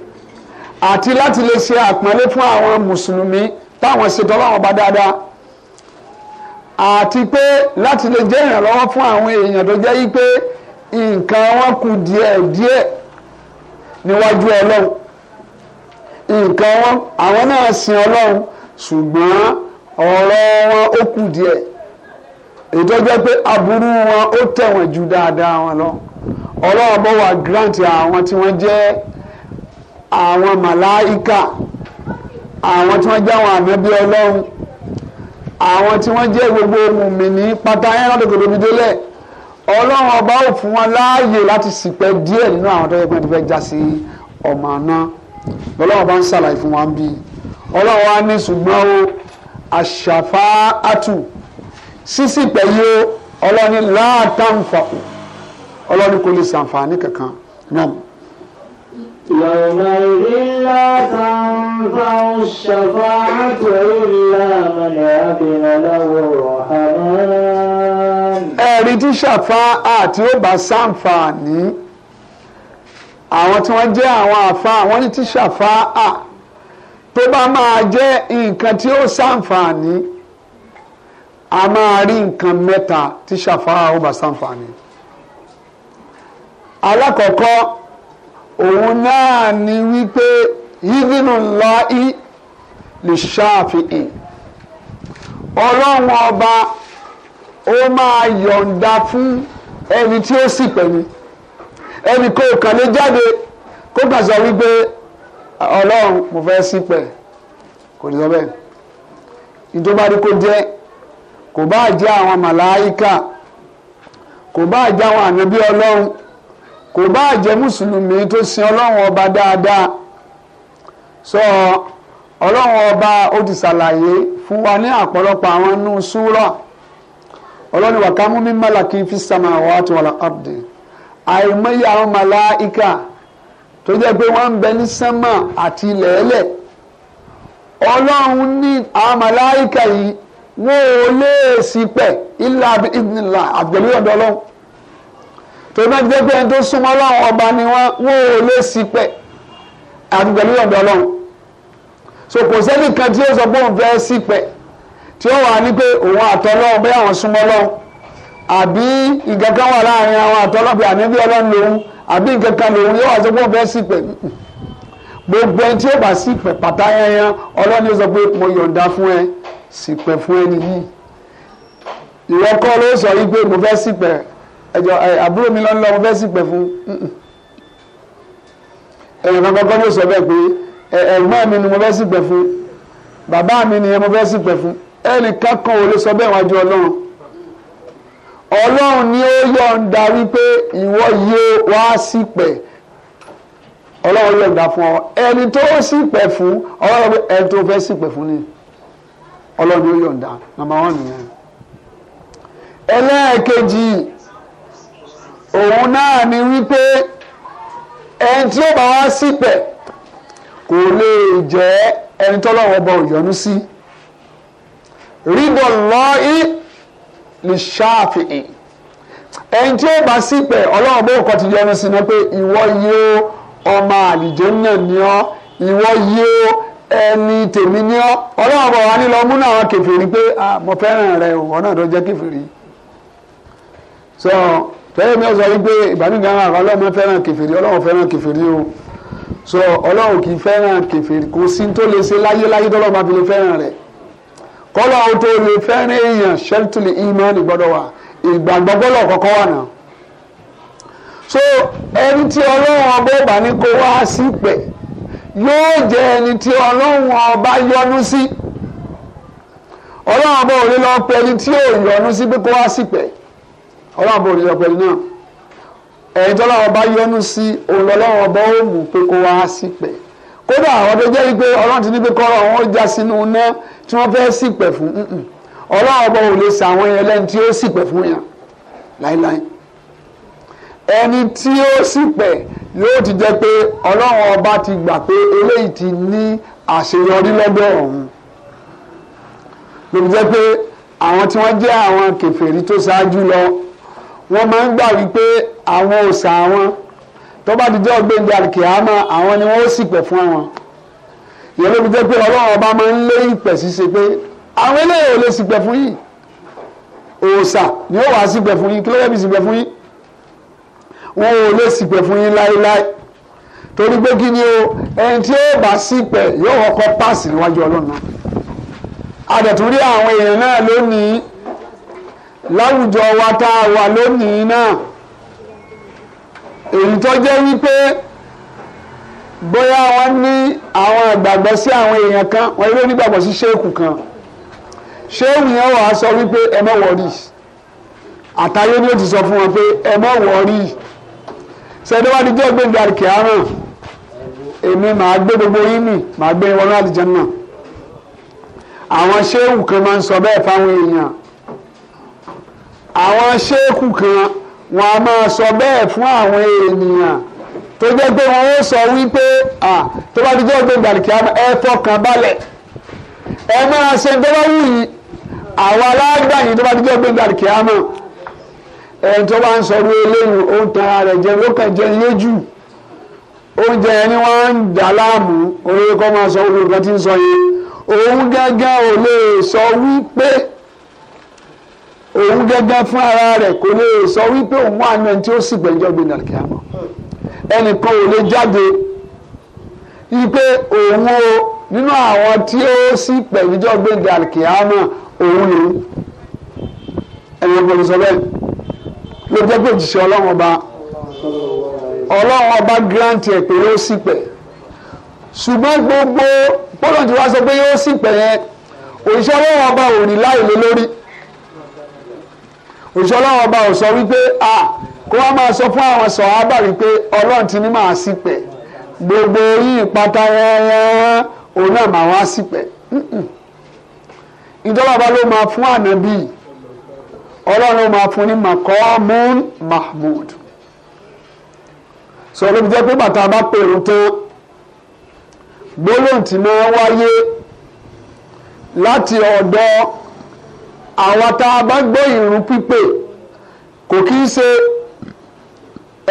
àti láti lè ṣe àpọ́nlé fún àwọn mùsùlùmí táwọn ṣètò ọlọ́run ọba dáadáa àti pé láti lè jẹ́ ìrànlọ́wọ́ fún àwọn èèyàn tó jẹ́ yí pé nǹkan wọn kù díẹ̀ díẹ̀ níwájú ọlọ́run nǹkan wọn àwọn náà sin ọlọ́run ṣùgbọ́n ọ̀rọ̀ wọn ó kù díẹ̀ èyí tó jẹ́ pé aburú wọn ó tẹ̀wọ̀n ju dáadáa wọn lọ ọlọ́run bó wà grant àwọn tí wọ́n jẹ́ àwọn màláìka àwọn tí wọ́n jẹ́ àwọn ànábí ọlọ́run àwọn tí wọ́n jẹ́ gbogbo mùmíní pátá yẹn lọ́dọ̀ kò tóbi délẹ̀ ọlọ́run ọba ò fún wọn láàyè láti ṣìpẹ̀ díẹ̀ nínú àwọn tó yẹ kí wọ́n ti fẹ́ já sí ọmọ àná lọ́lọ́run bá ń ṣàlàyé fún wa ń bí ọlọ́run wa ní ṣùgbọ́n o àṣàfà àtù ṣíṣìpẹ̀ yìí o ọlọ́run láàtàǹfà ọlọ́run kò lè ṣàǹfààní kankan náà. يومئذ لا تنفع الشفاعة إلا من أذن له الرحمن ẹ̀rí tí ṣàfáà tí ó bá ṣàǹfààní àwọn tí wọ́n jẹ́ àwọn àfáà wọ́n ní tí ṣàfáà tó bá máa jẹ́ nǹkan tí ó ṣàǹfààní a máa rí nǹkan mẹ́ta tí ṣàfáà ó bá ṣàǹfààní. alákọ̀ọ́kọ́ òun náà ni wípé yídínú láì lè ṣáàfihàn ọlọ́run ọba ó máa yọ̀ǹda fún ẹni tí ó sì pẹ̀lú ẹni kò kàn lè jáde kó kàn sọ wípé ọlọ́run mo fẹ́ sí pẹ̀ kò ní sọ bẹ́ẹ̀ ìjọba ni kò jẹ́ kò bá jẹ́ àwọn màláíkà kò bá jẹ́ àwọn ànábí ọlọ́run kò bá jẹ́ mùsùlùmí tó sin ọlọ́run ọba dáadáa sọ ọlọ́run ọba ó ti ṣàlàyé fún wa ní àpọ̀lọpọ̀ àwọn inú súrà ọlọ́run wàkámú min malaki fi samawati wal ardi àìmọye àwọn màláìka tó jẹ́ pé wọ́n ń bẹ ní sánmà àti ilẹ̀ẹ́lẹ̀ ọlọ́run ní àwọn màláìka yìí wọn ò lè sí pẹ̀ ilà ìdìnnìlà ọ̀dọ́ ọlọ́run tó bá jẹ́ pé ẹni tó súnmọ́ ọlọ́run ọba ni wọ́n wọ́n ò lè sí pẹ̀ àti pẹ̀lú ọ̀dọ̀ ọlọ́run so kò sẹ́ni kan tí ó sọ pé òun fẹ́ sí pẹ̀ tí ó wà ní pé òun àtọ́lọ́run bẹ́ẹ̀ àwọn súnmọ́ ọlọ́run àbí nǹkan kan wà láàrin àwọn àtọ́lọ́run bí àníbí ọlọ́run lòun àbí nǹkan kan lòun yóò wá sọ pé òun fẹ́ sí pẹ̀ gbogbo ẹni tí ó bá sí pẹ̀ pàtà yẹnyẹn ọlọ́ni sọ pé mo yọ̀ǹda fún ẹ sì pẹ̀ fún ẹni yìí ìwọ kọ́ ló sọ yìí pé mo fẹ́ sí pẹ̀ ẹjọ àbúrò mi lọ́nà ọmọ fẹ́ẹ́ sì pẹ̀ fún ẹ̀yìn kan kọ́kọ́ ló sọ bẹ́ẹ̀ pé ẹ̀gbọ́n mi ni mo fẹ́ẹ́ sì pẹ̀ fún bàbá mi ni mo fẹ́ẹ́ sì pẹ̀ fún ẹnì kankan ò lè sọ bẹ́ẹ̀ wájú ọlọ́run ọlọ́run ni ó yọ̀ǹda wípé ìwọ yóò wá sí pẹ̀ ọlọ́run yọ̀ǹda fún ọ ẹni tó sì pẹ̀ fún ọlọ́run ẹni tó fẹ́ sì pẹ̀ fún ni ọlọ́run ni ó yọ̀ǹda nàmbà wọn nìyẹn ẹlẹ́ẹ̀kejì òun náà ni wípé ẹni tí ó bá wá sípẹ̀ kò lè jẹ́ ẹni tọ́lọ́wọ́ bá òyọ́nú sí rídọ̀ lọ́ọ́ lè ṣáàfihàn ẹni tí ó bá sípẹ̀ ọlọ́run bó kọ́ ti yọ́nú sí náà pé ìwọ yóò ọmọ àlìjẹ́ náà ní ọ́ ìwọ yóò ẹni tèmi ní ọ́ ọlọ́run bọ̀ wá nílọ múnà àwọn kèfèrí pé mo fẹ́ràn rẹ òun náà tó jẹ́ kèfèrí so tẹ́lẹ̀ mi sọ wípé ìbánigàn àwọn ọlọ́run fẹ́ràn kèfèrí ọlọ́run fẹ́ràn kèfèrí o so ọlọ́run kì í fẹ́ràn kèfèrí kò sí tó lè ṣe láyé láyé tọ́lọ́ máa fi lè fẹ́ràn rẹ̀ kọ́lọ́ ohun tó lè fẹ́ràn èèyàn ṣẹ́tùlì ìmọ̀ọ́nì gbọ́dọ̀ wà ìgbàgbọ́ kọ́kọ́ wà náà so ẹni tí ọlọ́run ọba ọba ní kó wá sí pẹ̀ yóò jẹ́ ẹni tí ọlọ́run ọba yọ́nú sí ọlọ́run ọba ò lè lọ pẹ́ ẹni tí ò yọ́nú sí pé kó wá sí pẹ̀ ọlọ́run bò rí ọpẹ́ náà ẹ̀yin tó lọ́wọ́ bá yọ́nú sí òun lọ́wọ́ bá ó mú pé kó wá sípẹ̀ kódà àwọn tó jẹ́ wípé ọlọ́run ti ní pé kọ́ àwọn ó já sínú iná tí wọ́n fẹ́ sípẹ̀ fún ọlọ́run ọba ò lè sàwọn yẹn lẹ́ni tí ó sípẹ̀ fún yàn láíláí ẹni tí ó sípẹ̀ yóò ti jẹ́ pé ọlọ́run ọba ti gbà pé eléyìí ti ní àṣeyọrí lọ́dọ̀ ọ̀hún ló pé àwọn tí wọ́n jẹ́ àwọn kèfèrí tó ṣáájú lọ wọ́n máa ń gbà wípé àwọn òòṣà àwọn tó bá ti jẹ́ ọgbẹ́ni àlìkìyámà àwọn ni wọ́n ó sì pẹ̀ fún àwọn ìyẹn ló fi jẹ́ pé ọlọ́run ọba máa ń lé ìpẹ̀ ṣíṣe pé àwọn eléyìí ò lè sì pẹ̀ fún yìí òòṣà ni ó wà á sì pẹ̀ fún yìí kí ló yẹ bí sì pẹ̀ fún yìí wọn ò lè sì pẹ̀ fún yìí láéláé torí pé kí ni o ẹni tí ó bá sì pẹ̀ yóò kọ́kọ́ páàsì níwájú ọlọ́run náà adẹ̀túrí àwọn èèyàn náà lónìí láwùjọ wa tá a wà lónìí náà èyí tó jẹ́ wípé bóyá wọ́n ní àwọn ìgbàgbọ́ sí àwọn èèyàn kan wọ́n ló ní ìgbàgbọ́ sí ṣéèkù kan ṣéèkù yẹn wàá sọ wípé ẹ má wọrí àtayé ni ó ti sọ fún wọn pé ẹ má wọrí sẹ́dọ̀wádìí jẹ́ gbẹ̀gbẹ̀ àríkè èmi màá gbé gbogbo yín mì màá gbé wọnú àlìjẹ náà àwọn ṣéèkù kan máa ń sọ bẹ́ẹ̀ fáwọn èèyàn àwọn ṣéèkù kan wọn a máa sọ bẹ́ẹ̀ fún àwọn ènìyàn tó jẹ́ pé wọ́n ó sọ wípé tó bá ti jẹ́ ògbé gbàlìkì ẹ fọkàn balẹ̀ ẹ máa ṣe tó bá wù yìí àwọn alágbà yìí tó bá ti jẹ́ gbàlìkì ẹ mọ̀ ẹni tó bá ń sọ wí eléyìí ó tan ara rẹ̀ jẹ ló kàn jẹ lójú oúnjẹ yẹn ni wọ́n ń dà láàmú olórí kọ́ máa sọ olùkọ́ tí ń sọ yẹn òun gángan ò lè sọ wípé. So òun gẹ́gẹ́ fún ara rẹ̀ kò lè sọ wípé òun wà náà tí ó sì gbẹ̀jọ́ gbé nàìjíríà mọ́ ẹnìkan ò lè jáde wípé òun o nínú àwọn tí ó sì pẹ̀lújọ́ gbé dàlkìámà òun lòun ẹ̀yìn ọgbọ̀n sọ bẹ́ẹ̀ ló jẹ́ pé òjìṣẹ́ ọlọ́run ọba ọlọ́run ọba grant ẹ̀ pé yóò sì pẹ̀ ṣùgbọ́n gbogbo bọ́lọ̀ tí wàá sọ pé yóò sì pẹ̀ yẹn òjìṣẹ́ ọlọ́run ọba ò rí láìlé lórí òṣìṣẹ́ ọlọ́run ọba ò wípé a kó wá máa sọ fún àwọn sọ̀hábà wípé ọlọ́run ti ní máa ṣìpẹ̀ gbogbo yìí pátá rẹ́rẹ́rẹ́ òun náà máa wá ṣìpẹ̀ ìjọba bá ló máa fún ànábì ọlọ́run ló máa fún ní makomun mahmud sọ ló fi jẹ́ pé bàtà bá pèrò tó gbólóhùn tí máa wáyé láti ọ̀dọ̀ àwa tá a bá gbọ́ ìrun pípè kò kí ń ṣe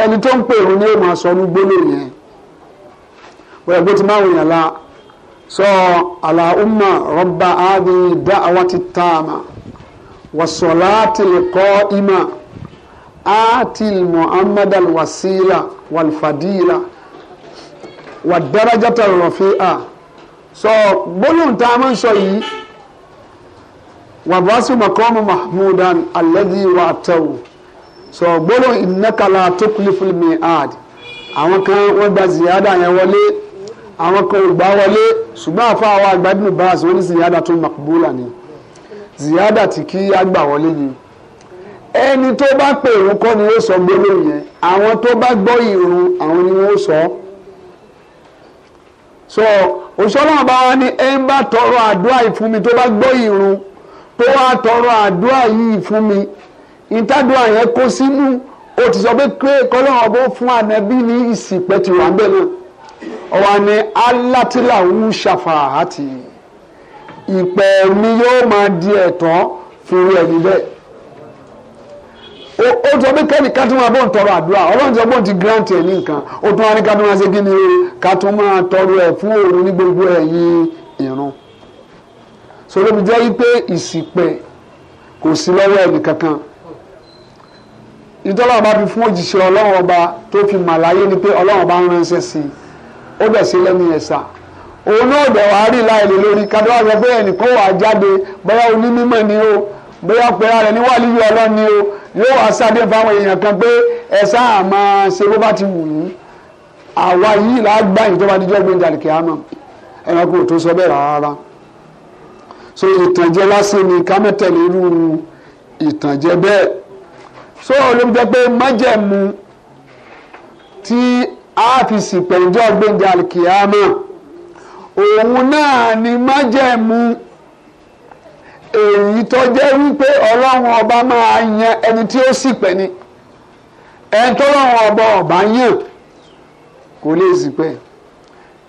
ẹni tó ń pè ìrun ni ó máa sọ ní gbólóhùn yẹn wọ́n ẹgbẹ́ ti máa wò yàn la sọ àlàúmà rọ́bà áàdì dá àwa ti tà àmà wàsọ̀lá tilẹ̀ kọ́ ìmà áàtì muhammad alwasila walfadila wàdárájà tàlọ́fẹ́ à sọ gbólóhùn tá a máa ń sọ yìí wàbáṣu makọ́mù mahmudan alẹ́dí wà tẹ́wò sọ gbọ́dọ̀ ìnákàlà tó kúlífù mi ad kan wọ́n gba ziyada yẹn wọlé àwọn kan ò gbà wọlé ṣùgbọ́n àfa àwọn àgbàdìmí báàs wọ́n ní ziyada tó makbúlà ni ziyada tí kí á gbà wọlé ni ẹni tó bá pè òun kọ́ ni ó sọ gbọ́dọ̀ yẹn àwọn tó bá gbọ́ ìrun àwọn ni wọ́n sọ so òṣèlú àbáwá ni ẹ ń bá tọrọ àdúrà ìfúnmi tó bá gbọ́ ìrun tó wá tọrọ àdúrà yìí fún mi ìtàdúrà yẹn kó sínú ó ti sọ pé pé kọ́lọ́wọ́n bó fún ànábì ní ìsìnpẹ́ ti wà ńbẹ̀ náà ọ̀wà ni alátìlà ń ṣàfà àti ìpẹ́ mi yóò máa di ẹ̀tọ́ fún ẹni bẹ́ẹ̀ ó tún ọbẹ̀ kẹ́ni ká tún máa bọ̀ ń tọrọ àdúrà ọlọ́run ti ọgbọ́n ti grant ẹ̀ ní nǹkan ó tún wá ní ká tún máa ṣe kí ni ká tún máa tọrọ ẹ̀ fún òun ní gbogbo ẹ̀yìn ìrun sọlọ́bi jẹ́ wípé ìsìpẹ̀ kò sí lọ́wọ́ ẹnì kankan ìtọ́lọ́wọ́ bá fi fún òjìṣẹ́ ọlọ́wọ́ ọba tó fi màláyé ni pé ọlọ́wọ́ bá ń ránṣẹ́ sí i ó bẹ̀ sí lẹ́nu ẹ̀sà òun náà bẹ̀ wá rí láìlè lórí kádọ́wà sọ pé ẹnìkan wà jáde bóyá onímọ̀ ni o bóyá pẹ̀lú rẹ̀ ní wàlíyé ọlọ́ni o yóò wá sáde fáwọn èèyàn kan pé ẹ sáà máa ṣe bó bá ti wù yín àwa yìí làá gbà yín tó bá dijọ́ gbé ìdàlùkẹ́ àmọ́ ẹ̀rọ so ìtànjẹ lásán ni ká mẹ́tẹ̀lé irú ìtànjẹ bẹ́ẹ̀ so ló jẹ́ pé májẹ̀mú tí a fi sìpẹ̀njọ́ gbẹ̀ǹdẹ̀ alikiyama òun náà ni májẹ̀mú èyí tó jẹ́ wípé ọlọ́run ọba máa yan ẹni tí ó sìpẹ̀ ni ẹni tó lọ́run ọba ọba yàn kò lè sìpẹ̀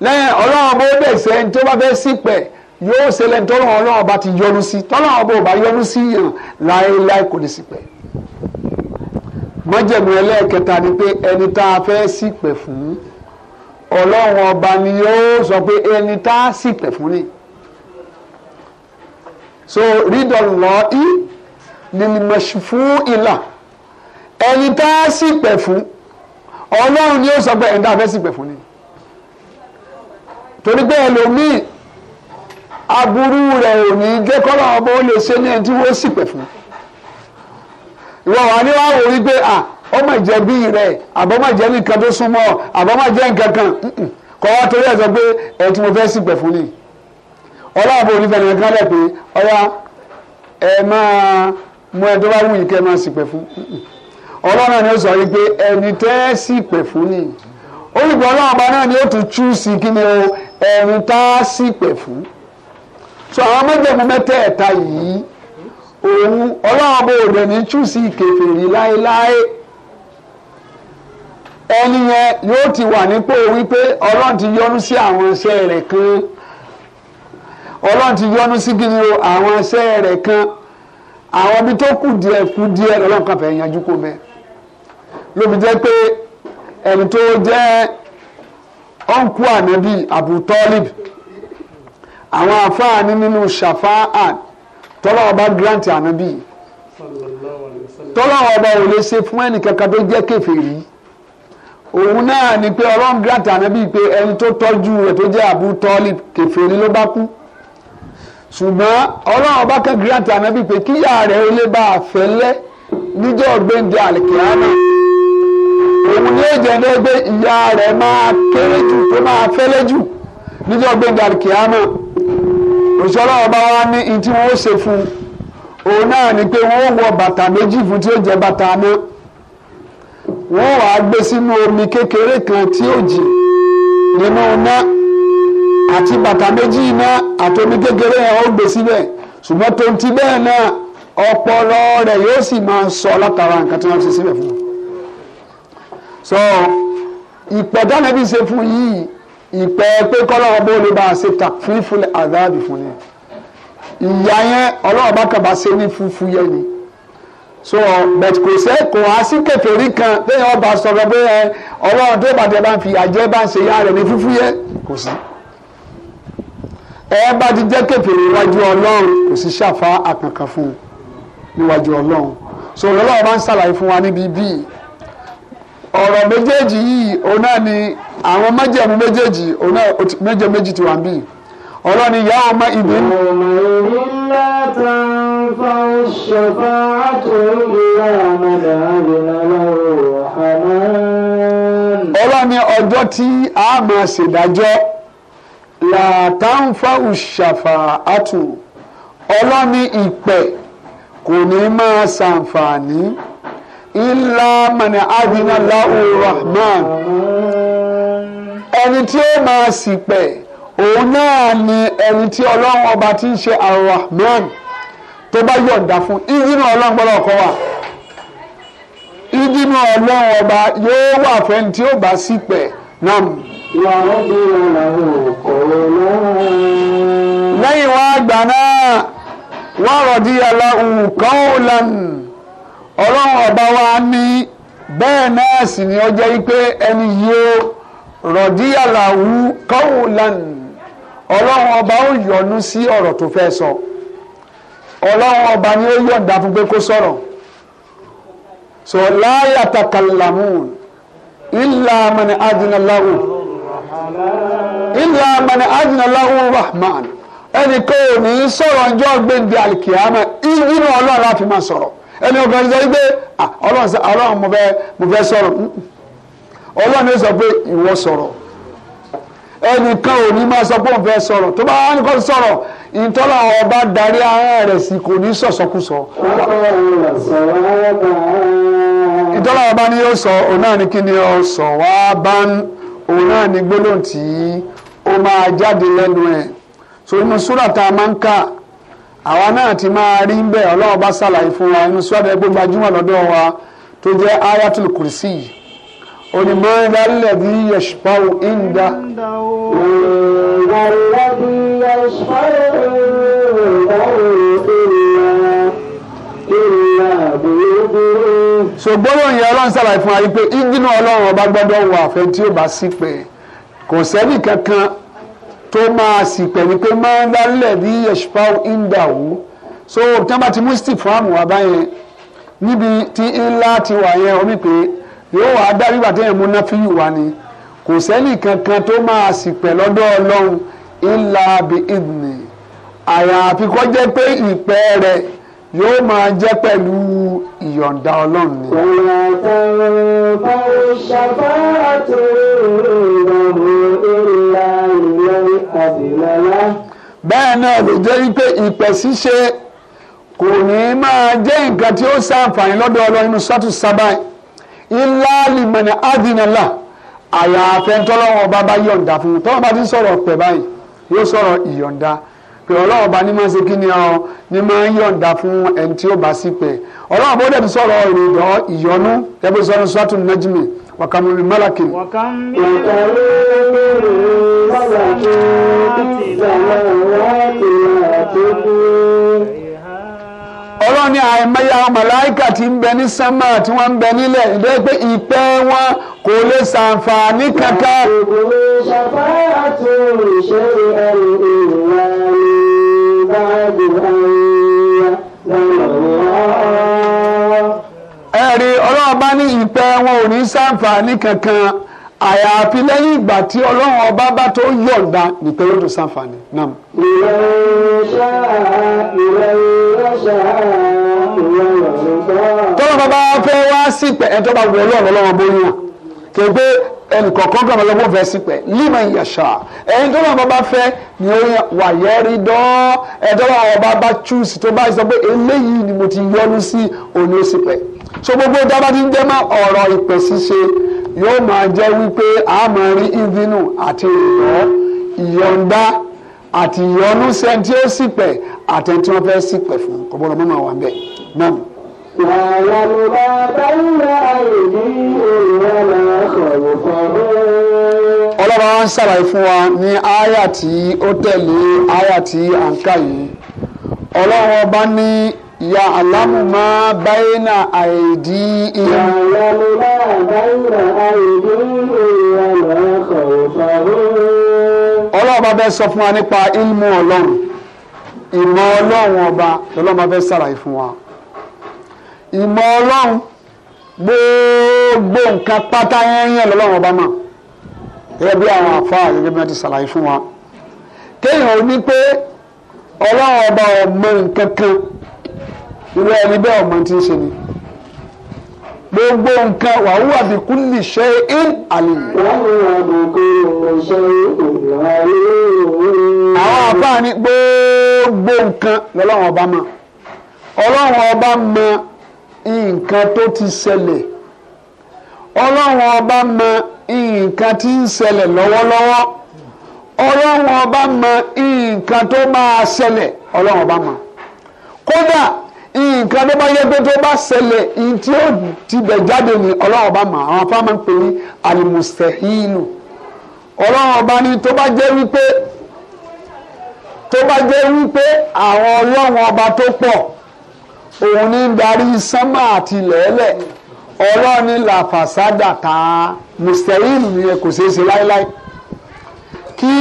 lẹ́yìn ọlọ́run ọba ó bẹ̀ sẹ́ni tó bá fẹ́ sìpẹ̀. Si yóò ṣẹlẹ̀ tọ́lọ́ ọlọ́run ọba ti yọ́nú sí tọ́lọ́ ọba ọba yọ́nú sí yàn láéláé kò ní sí pẹ́. májẹ̀mú ẹlẹ́ẹ̀kẹta ni pé ẹni tá a fẹ́ sí pẹ̀ fún ọlọ́run ọba ni yóò sọ pé ẹni tá a sì pẹ̀ fún ni. so rídọ̀lù lọ í nílùmọ̀ṣù fún ìlà ẹni tá a sì pẹ̀ fún ọlọ́run ni yóò sọ pé ẹni tá a fẹ́ sì pẹ̀ fún ni. torí pé ẹlòmíì aburú rẹ̀ ò ní jẹ́ kọ́lọ́ ọba ó lè ṣe ní ẹni tí wọ́n sì pẹ̀ fún. ìwọ wà ní wàá wò wípé à ó mà bí rẹ̀ àbọ̀ mà jẹ́ tó súnmọ́ àbọ̀ jẹ́ nǹkan kan kọ́ wa torí ẹ̀ sọ pé ẹ̀ tí mo fẹ́ sì pẹ̀ fún ni. ọlọ́run bò ní fẹ́ nìkan ẹ máa mú ẹ tó bá wù ẹ máa sì pẹ̀ fún. ọlọ́run ni ó sọ wípé ẹni tẹ́ sì pẹ̀ fún ni olùkọ́ ọlọ́run ọba náà ni ó tún sí kí ni o tá so àwọn mẹ́jẹ̀mú mẹ́tẹ̀ẹ̀ta yìí òun ọlọ́run bó o dẹ̀ ní túùsì kèfèrí láéláé ẹni yẹn yóò ti wà nípò wípé ọlọ́run ti yọ́nú sí àwọn iṣẹ́ rẹ̀ kan ọlọ́run ti yọ́nú sí kí ni o àwọn iṣẹ́ rẹ̀ kan àwọn ibi tó kù díẹ̀ kù díẹ̀ lọ́lọ́run kan fẹ́ yanjú kó mẹ́ lóbi jẹ́ pé ẹni tó jẹ́ ọ̀nkú ànábì Abu Talib àwọn àfáàní nínú ṣàfáà tọ́lọ́ ọba grant ànábì tọ́lọ́ ọba ò lè ṣe fún ẹnì kankan tó jẹ́ kèfèrí òun náà ni pé ọlọ́run grant ànábì pé ẹni tó tọ́jú rẹ̀ tó jẹ́ àbú tọ́lì kèfèrí ló bá kú ṣùgbọ́n ọlọ́run ọba kan grant ànábì pé kíyà rẹ̀ ó lè bá a fẹ́lẹ́ níjọ́ gbẹ̀ǹdẹ̀ àlìkìyàmà òun ní èjì ẹni ẹgbẹ́ ìyá rẹ̀ máa kéré jù tó máa fẹ́lẹ́ jù níjọ́ gbẹ̀ǹdẹ̀ àlìkìyàmà òṣìṣẹ́ ọlọ́run bá wá ní ní tí wọ́n ṣe fún un òun náà ni pé wọ́n ó wọ bàtà méjì fún tí ó jẹ́ bàtà aná wọ́n wà á gbé sínú omi kékeré kan tí ó jì nínú iná àti bàtà méjì iná àti omi kékeré yẹn ó gbé síbẹ̀ ṣùgbọ́n tó ń ti bẹ́ẹ̀ náà ọpọlọ rẹ̀ yóò sì máa sọ látara nǹkan tí wọ́n ti síbẹ̀ fún un. so ìpẹ̀dánẹ́bí ṣe fún yìí ìpẹ́ pé kọ́lọ́wọ́ bó lè bá ṣe ta fúlífù àdáàbì fún ni ìyá yẹn ọlọ́wọ́ bá kàn bá ṣe ní fúfú yẹn ni so bẹ̀t kò sẹ́ kò á sí kẹfẹ́rí kan téèyàn ọba sọ̀rọ̀ pé ẹ ọlọ́run tó bàtẹ́ bá ń fi àjẹ́ bá ń ṣe yá rẹ̀ ní fúfú yẹn kò sí ẹ bá ti jẹ́ kẹfẹ́rí iwájú ọlọ́run kò sí ṣàfà àkànkàn fún un níwájú ọlọ́run so ọlọ́run bá ń ṣàlàyé fún wa níbi bíi ọ̀rọ̀ méjèèjì yìí òun náà ni àwọn májẹ̀mú méjèèjì òun náà méje méjì ti wà ń bì ọlọ́ni ìyá ọmọ ìdí. ọlọ́ni ọjọ́ tí a máa ṣèdájọ́ làtàǹfà ṣàfà àtù ọlọ́ni ìpè kò ní máa ṣàǹfààní ìlà mọ̀nà àdìlá lọ́wọ́ rahman. ẹni tí ó máa sì pẹ̀ òun náà ni ẹni tí ọlọ́run ọba ti ń ṣe ar tó bá yọ̀ǹda fún ìdínú ọlọ́run gbọ́dọ̀ kọ́ wa ọlọ́run ọba yóò wà fẹ́ni tí ó bá sì pẹ̀ náà. lẹ́yìn wá àgbà náà wọ́n rọ̀dí ọlọ́run ọba wa ní bẹ́ẹ̀ náà ni pé ẹni yìí rọ̀díyàláwù kọ́wùlán ọlọ́run ọba ó yọ́nú sí ọ̀rọ̀ tó fẹ́ sọ ọlọ́run ọba ni ó yọ̀ǹda fún pé kó sọ̀rọ̀ so láyàtàkàlàmùn ilà mani adìnnàláwù ilà mani adìnnàláwù rahman ẹnì kan ò ní sọ̀rọ̀ ọjọ́ gbèndé alikiyama inú ọlọ́run láfi máa sọ̀rọ̀ ẹnì kan sọ wípé ah, ọlọ́run mo fẹ́ sọ̀rọ̀ ọlọ́run yóò sọ pé ìwọ sọ̀rọ̀ ẹnìkan ò ní máa sọ pé òun fẹ́ sọ̀rọ̀ tó bá wọn kọ́ sọ̀rọ̀ ìtọ́lá ọba darí ara rẹ̀ sí kò ní sọ̀sọ́kùsọ. ìtọ́lá ọba ni yóò sọ òun náà ni kí ni ọ sọ wá bá òun náà ni gbólóhùn tí ó máa jáde lẹ́nu ẹ̀ so inú súrà tá a máa ń kà àwa náà ti máa rí ń bẹ̀ ọlọ́run bá ṣàlàyé fún wa inú súrà tó gbajúmọ̀ lọ́dọ̀ wa tó jẹ́ ayatul kùrìsì yìí onímọ̀ọ́dá lẹ́bí yẹ̀ṣùpáwò ìndá. ṣògbọ́n yẹn ọlọ́run ṣàlàyé fún wa yìí pé ìdínà ọlọ́run ọba gbọ́dọ̀ wà fẹ́ tí ó bá sì pé kò sẹ́ni kankan tó máa sì pẹ̀ ní pé máa ń dálẹ̀ bí yẹ̀ṣùpáwò ìndà wò so tí wọ́n bá ti mú steve fún àmùwà báyẹn níbi tí ńlá ti wà yẹn omi pé yóò wá dárí bàtí ẹ̀ múná fi wà ní kò sẹ́ni kankan tó máa sì pẹ̀ lọ́dọ̀ ọlọ́run ìlà bí ìdìní àyàfi kó jẹ́ pé ìpẹ́ rẹ̀ yóò máa jẹ́ pẹ̀lú ìyọ̀ǹda ọlọ́run ni. bẹ́ẹ̀ náà ló jẹ́ wípé ìpẹ́ ṣíṣe kò ní máa jẹ́ nǹkan tí ó ṣàǹfààní lọ́dọ̀ ọlọ́run inú sọ́tù sábàá ilá limani adinala àyàfẹ́ tọ́lọ́wọ́n ọba bá yọ̀ǹda fún un tọ́wọ́n bá ti sọ̀rọ̀ pẹ̀ báyìí yóò sọ̀rọ̀ ìyọ̀ǹda pé ọlọ́wọ́n bá ní máa ṣe kí ni ọ ní máa ń yọ̀ǹda fún ẹni tí ó bá sí pẹ̀ ọlọ́wọ́n bó dẹ̀bi sọ̀rọ̀ ìrìndọ̀ ìyọnu ẹgbẹ́ sọ́nu sọ́tún najmi wàkàmù malakin. ọlọ́run ní àìmọye àwọn màláìkà tí ń bẹ ní sánmà tí wọ́n ń bẹ nílẹ̀ ìdẹ́ pé ìpẹ́ wọn kò lè ṣàǹfààní kankan. kò ẹ̀rù ìwà ẹ̀rí ọlọ́run bá ní ìpẹ́ wọn ò ní ṣàǹfààní kankan. àyàfi lẹ́yìn ìgbà tí ọlọ́run ọba bá tó yọ̀ǹda nìkan ló tó sàǹfààní náà. ìrẹsà ìrẹsà tọ́lá bàbá fẹ́ wá sípẹ̀ ẹ̀ tó bá wọ ọlọ́run ọlọ́run bó yàn kí pé ẹnìkọ̀ọ̀kan gbọ́n mi lọ́wọ́ fẹ́ sípẹ̀ lima ìyàṣà ẹni tó náà fẹ́ ni ó wà yẹ́rì dán ẹni tó náà bá chúùsì tó bá sọ pé ni mo ti yọnu sí òní ó sípẹ̀ so gbogbo yóò máa jẹ́ wípé a máa rí ìdínú àti ìrọ̀ ìyọ̀ǹda àti ìyọnu sẹ́ni tí ó sì pẹ̀ àtẹni tí wọ́n fẹ́ sì pẹ̀ fún kò gbọ́dọ̀ mọ́ máa wà bẹ́ẹ̀ náà. Wàhálà ló bá báyìí láàyè ní ìrọ̀lẹ́ ọ̀rọ̀ kọ̀ọ̀rọ̀. Ọlọ́run á ń ṣàlàyé fún wa ní áyà tí ó tẹ̀lé áyà tí à ń kà yìí. Ọlọ́run ọba ní yàlámù máa báyìnà àìdí ìhìn. yàlámù máa báyìnà àìdí ìhìn ọlọ́run bá fẹ́ sọ fún wa nípa ilmu ọlọ́run ìmọ̀ ọlọ́run ọba lọ́lọ́run bá fẹ́ sàlàyé fún wa ìmọ̀ ọlọ́run gbogbo nǹkan pátá yẹn lọ́lọ́run ọba mà gẹ́gẹ́ bí àwọn àfáà gẹ́gẹ́ bí wọ́n ti sàlàyé fún wa kéèyàn ní pé ọlọ́run ọba ọmọ nǹkan kan irú ẹni bẹ́ẹ̀ ọmọ tí ń ṣe ni gbogbo nǹkan wàhùn àbí kúlì ṣe é àlè. àwọn àbáà ní gbogbo nǹkan lọ́lọ́run ọba mọ̀ ọlọ́run ọba mọ̀ nǹkan tó ti ṣẹlẹ̀ ọlọ́run ọba mọ̀ nǹkan tí ń ṣẹlẹ̀ lọ́wọ́lọ́wọ́ ọlọ́run ọba mọ̀ nǹkan tó máa ṣẹlẹ̀ ọlọ́run ọba mọ̀ kódà nǹkan tó bá yẹ pé tó bá ṣẹlẹ̀ ní tí ó tibẹ̀ jáde ní ọlọ́run ọba mọ̀ àwọn afá máa ń pè ní alimusehilu ọlọ́run ọba ni tó bá jẹ́ wípé tó bá jẹ́ wípé àwọn ọlọ́run ọba tó pọ̀ òun ní darí sánmà àti lẹ́lẹ̀ ọlọ́run ní làfàṣádà ta musehilu ni kò ṣeé ṣe láéláé kí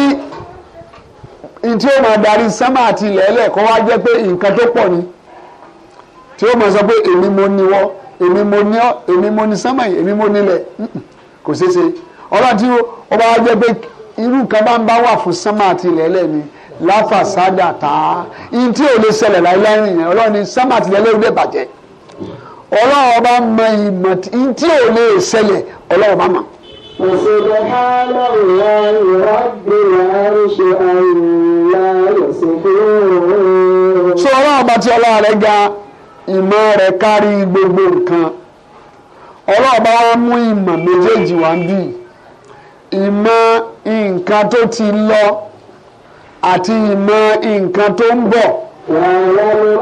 n tí ó máa darí sánmà àti lẹ́lẹ̀ kó wá jẹ́ pé nǹkan tó pọ̀ ni tí ó máa sọ pé èmi mo ní wọ́ èmi mo ní ọ́ èmi mo ní sánmà yìí èmi mo nílẹ̀ kò ṣeé ṣe ọlọ́run tí ó bá wá jẹ́ pé irú nǹkan bá ń bá wà fún sánmà àti ilẹ̀ lẹ́ni láfàsádà tá a ihun tí ò lè ṣẹlẹ̀ láíláí nìyẹn ọlọ́run ní sánmà àti ilẹ̀ lẹ́rú bàjẹ́ ọlọ́run ọba mọ ìmọ̀ tí ò lè ṣẹlẹ̀ ọlọ́run bá mọ̀. sọ ọlọ́run ọba tí ọlọ́run rẹ̀ ga ìmọ̀ rẹ̀ kárí gbogbo nǹkan ọlọ́ọ̀bá wa mú ìmọ̀ méjèèjì wá ń bì ìmọ̀ nǹkan tó ti lọ àti ìmọ̀ nǹkan tó ń bọ̀. ọlọ́ni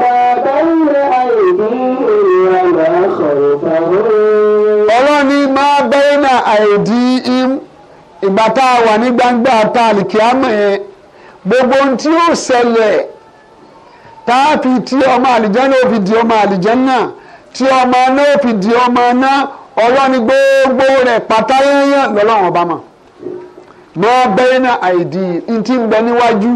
máa bẹ́rẹ̀ náà àìdí ìgbà tá a wà ní gbangba tá a lè kí á mọ̀ yẹn gbogbo ohun tí ó ṣẹlẹ̀ táàfi tí ọmọ àlìjẹ́nà ó fi di ọmọ àlìjẹ́nà tí ọmọ náà ó fi di ọmọ náà ọwọ́ ni gbogbo rẹ̀ pátá yẹ́yẹ́ lọ́lọ́run ọba mọ̀ mọ́ bẹ́ẹ̀ náà àìdí ntí ń bẹ níwájú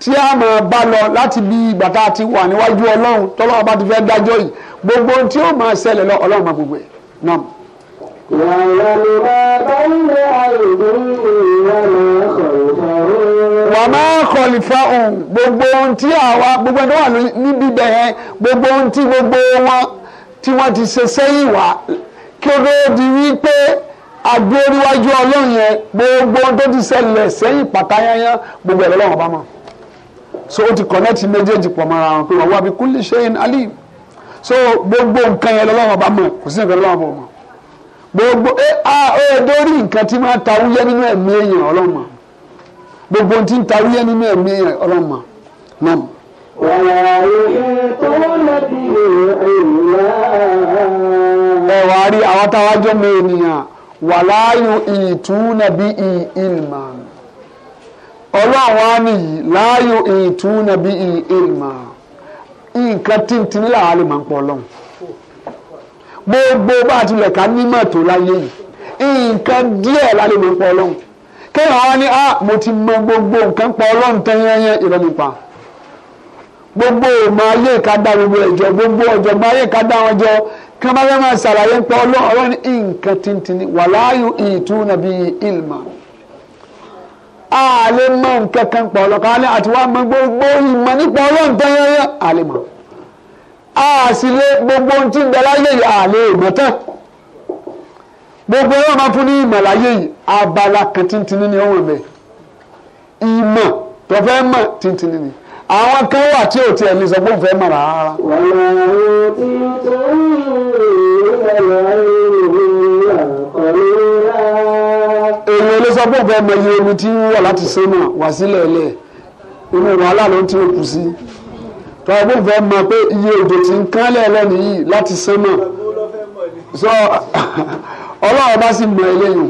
tí a máa bá lọ láti bí ìgbà tá a ti wà níwájú ọlọ́run tọ́lọ́run bá ti fẹ́ dájọ́ yìí gbogbo tí ó máa ṣẹlẹ̀ lọ ọlọ́run máa gbogbo ẹ̀ náà. kọ́ọ̀lì fáwọn gbogbo ohun tí àwa gbogbo ẹni tó wà níbi bẹ̀rẹ̀ gbogbo ohun tí gbogbo wọn tí wọ́n ti ṣe sẹ́yìn wá kí ó tó di wípé agbóríwájú ọlọ́run yẹn gbogbo ohun tó ti ṣẹlẹ̀ sẹ́yìn pàtàyányá gbogbo ẹ̀rọ lọ́wọ́ bá mọ̀ so ó ti kọ̀nẹ́tì méjèèjì pọ̀ mọ́ra wọn pé wọ́n wá bí kúlì ṣẹ́yìn alí so gbogbo nǹkan yẹn lọ́wọ́ bá mọ̀ kò sí nǹkan lọ́wọ́ bá mọ̀ gbogbo ẹ eh, a ẹ dórí nǹkan tí máa ta wúyẹ́ nínú ẹ̀mí èèyàn ọlọ́run gbogbo ti ń tarí ẹ̀ nínú ẹ̀mí ọlọ́run mọ̀ náà. ẹ rí àwọn táwa jọ ènìyàn wà láàyò ìtúnàbí ìlmà ọlọ́run nìyí láàyò ìtúnàbí ìlmà nǹkan tí ń tiní làwọn máa ń pọ̀ ọlọ́run gbogbo bá a ti lẹ̀ ká nímọ̀ tó láyé yìí nǹkan díẹ̀ lálẹ́ máa ń pọ̀ ọlọ́run kéèyàn wá ní ah mo ti mọ gbogbo nǹkan pa ọlọ́run tán yẹnyẹn irọ́ nípa gbogbo ọmọ ayé ìkádá gbogbo ẹ̀jọ̀ gbogbo ọ̀jọ̀gbọ́n ayé ìkádá wọn jọ kí wọ́n bá fẹ́ máa ṣàlàyé pa ọlọ́run ọlọ́run ní nǹkan tìǹtìǹ wàláyù ìtúnà bíi ilmà àlè mọ nǹkan kan pa ọlọ́run kálẹ̀ àti wàá mọ gbogbo ìmọ̀ nípa ọlọ́run tán yẹnyẹn àlè mọ̀ àṣìlè gbogbo ohun tí ń bẹ láyé àlè ìmọ̀ tán gbogbo ẹ̀rọ máa fún ní ìmọ̀láyé yìí abala kan tíntìní ni ọ̀hún ẹ̀mẹ́ ìmọ̀ tó fẹ́ mọ̀ tíntìní ni àwọn kan wà tí ò tiẹ̀ ní sọ pé òun fẹ́ mọ̀ rárá. èèyàn ló sọ pé òun fẹ́ mọ iye omi tí ń wọ̀ láti sẹ́nà wá sílẹ̀ ẹ̀lẹ́ inú wàhálà ló ti kù sí tọ́ ọ̀gbọ́n fẹ́ mọ pé iye òjò ń kánlẹ̀ ẹlẹ́nìí láti sẹ́nà. [laughs] ọlọ́run bá sì mọ eléyìí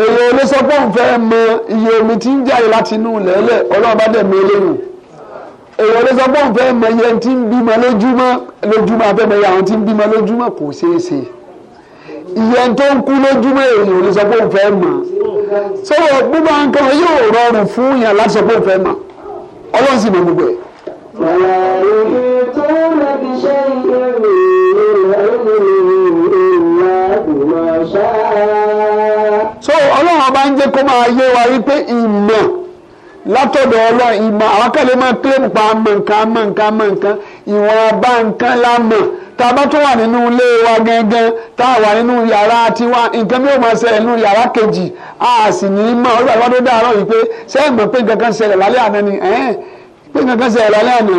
èèyàn ò lè sọ pé òun fẹ́ mọ iye omi tí ń jáde láti inú lẹ́lẹ̀ ọlọ́run bá dẹ̀ mọ eléyìí èèyàn ò lè sọ pé òun fẹ́ mọ iye tí ń bímọ lójúmọ́ lójúmọ́ abẹ́ mọ iye àwọn tí ń bímọ lójúmọ́ kò ṣeé ṣe iye tó ń kú lójúmọ́ èèyàn ò lè sọ pé òun fẹ́ mọ sọ́wọ́ gbogbo nǹkan yóò rọrùn fún yàn láti sọ pé òun fẹ́ mọ ọlọ́run sì mọ gbogbo ẹ̀. máa yé wa wípé ìmọ̀ látọ̀dọ̀ ọlọ́run ìmọ̀ àwọn kẹ́lẹ́ máa kílẹ̀mù pa mọ̀ nǹkan mọ̀ nǹkan mọ̀ nǹkan ìwọ̀n bá nǹkan la mọ̀ tá a bá tún wà nínú ilé wa gangan tá a wà nínú yàrá tiwa nǹkan bí ó máa ṣẹlẹ̀ nínú yàrá kejì a sì ní í mọ̀ ọlọ́run tó dáhàrọ̀ yìí pé sẹ́yìn mọ̀ pé nǹkan kan ṣẹlẹ̀ lálẹ́ àná ni ẹ̀ẹ́n pé nǹkan kan ṣẹlẹ̀ lálẹ́ àná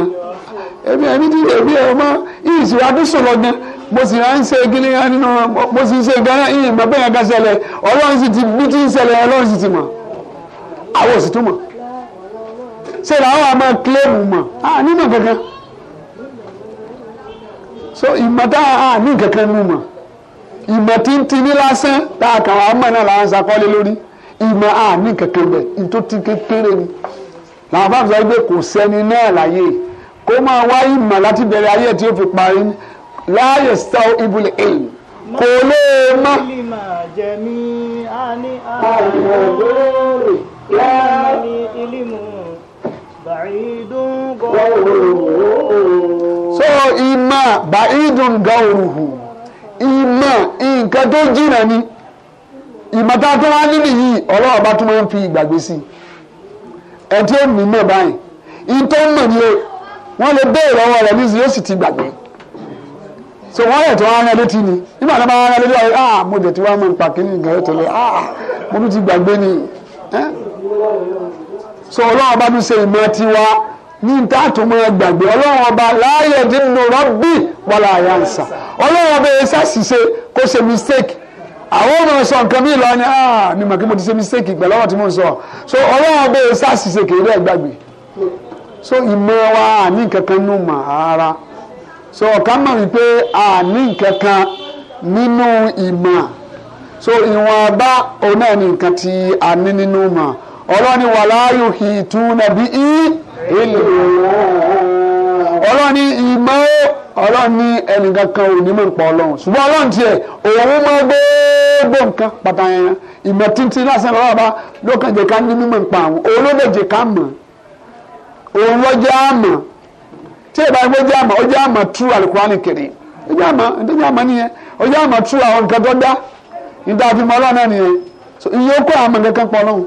èmi èmi ti èmi ẹ̀ mọ́ ìsìwádìí sọ̀rọ̀ mo sì rán ṣe kíní kan nínú mo ṣe gánà yìí mọ bẹ́ẹ̀ ká ọlọ́run sì ti bí tí ń ṣẹlẹ̀ ọlọ́run sì ti mọ̀ àwọn òsì tún mọ̀ ṣe làwọn àmọ́ kílẹ̀mù mọ̀ á nínú kankan so ìmọ̀tá ní kankan mọ̀ ìmọ̀ tí ń lásán tá a kàn lori mọ̀ náà là ń lórí ìmọ̀ á ní kankan bẹ̀ kékeré ni làwọn fáwọn sọ pé kò sẹ́ni náà láyé kó máa wá ìmọ̀ láti bẹ̀rẹ̀ ayé tí ó fi láàyè sọ ibùlẹ èyí kò lè má. so ìmọ̀ bàídùn gàwùrùhù ìmọ̀ nǹkan tó jìnnà ni ìmọ̀ tá a tó wá nínú yìí ọlọ́run bá tún máa ń fi ìgbàgbé sí ẹ̀ tí ó mú mọ̀ báyìí ìtọ́ mọ̀ ni wọ́n lè béèrè ọwọ́ rẹ̀ níṣẹ́ yóò sì ti gbàgbé so wọ́n yẹ̀ tó wá rán létí ni nígbà tó bá rán létí wáyé ah mo dẹ̀ tí wá mọ̀ nípa kíní nǹkan yóò tẹ̀lé ah mo tún ti gbàgbé ni so ọlọ́run bá tún ṣe ìmọ̀ tiwa ní ìta tó mọ gbàgbé ọlọ́run ọba láàyè dínú rọ́bì wàlá àyànsà ọlọ́run ọba yẹn ṣàṣìṣe kó ṣe mistake àwọn ọmọ sọ nǹkan mi lọ ni ah mi mọ̀ kí mo ti ṣe mistake pẹ̀lú ọ̀rọ̀ tí mo sọ so ọlọ́run ọba yẹn ṣàṣìṣe kì í dẹ́ gbàgbé so ìmọ̀ wa ní kankan nù mọ̀ rárá so ká mọ̀ wípé a ní nǹkan kan nínú ìmọ̀ so ìwọ̀nba òun náà ní nǹkan tí a ní nínú mọ̀ ọlọ́ni wàláyò hìtú nàbí í ìlú ọlọ́ni ìmọ̀ ọlọ́ni ẹnìkan kan ò ní mọ̀ nípa ọlọ́run ṣùgbọ́n ọlọ́run tiẹ̀ òun mọ̀ gbogbo nǹkan pàtàkì yẹn ìmọ̀ títí lásán lọ́wọ́ bá lókàn ní mímọ̀ nípa àwọn òun ká mọ̀ òun lọ́jọ́ àmọ̀ tí ìbá ẹgbẹ́ jẹ́ àmọ́ ó jẹ́ àmọ́ tú alukurani kiri ó jẹ́ àmọ́ ó jẹ́ àmọ́ nìyẹn ó jẹ́ àmọ́ tú àwọn nǹkan so iye kó àmọ́ kankan pọ̀ náà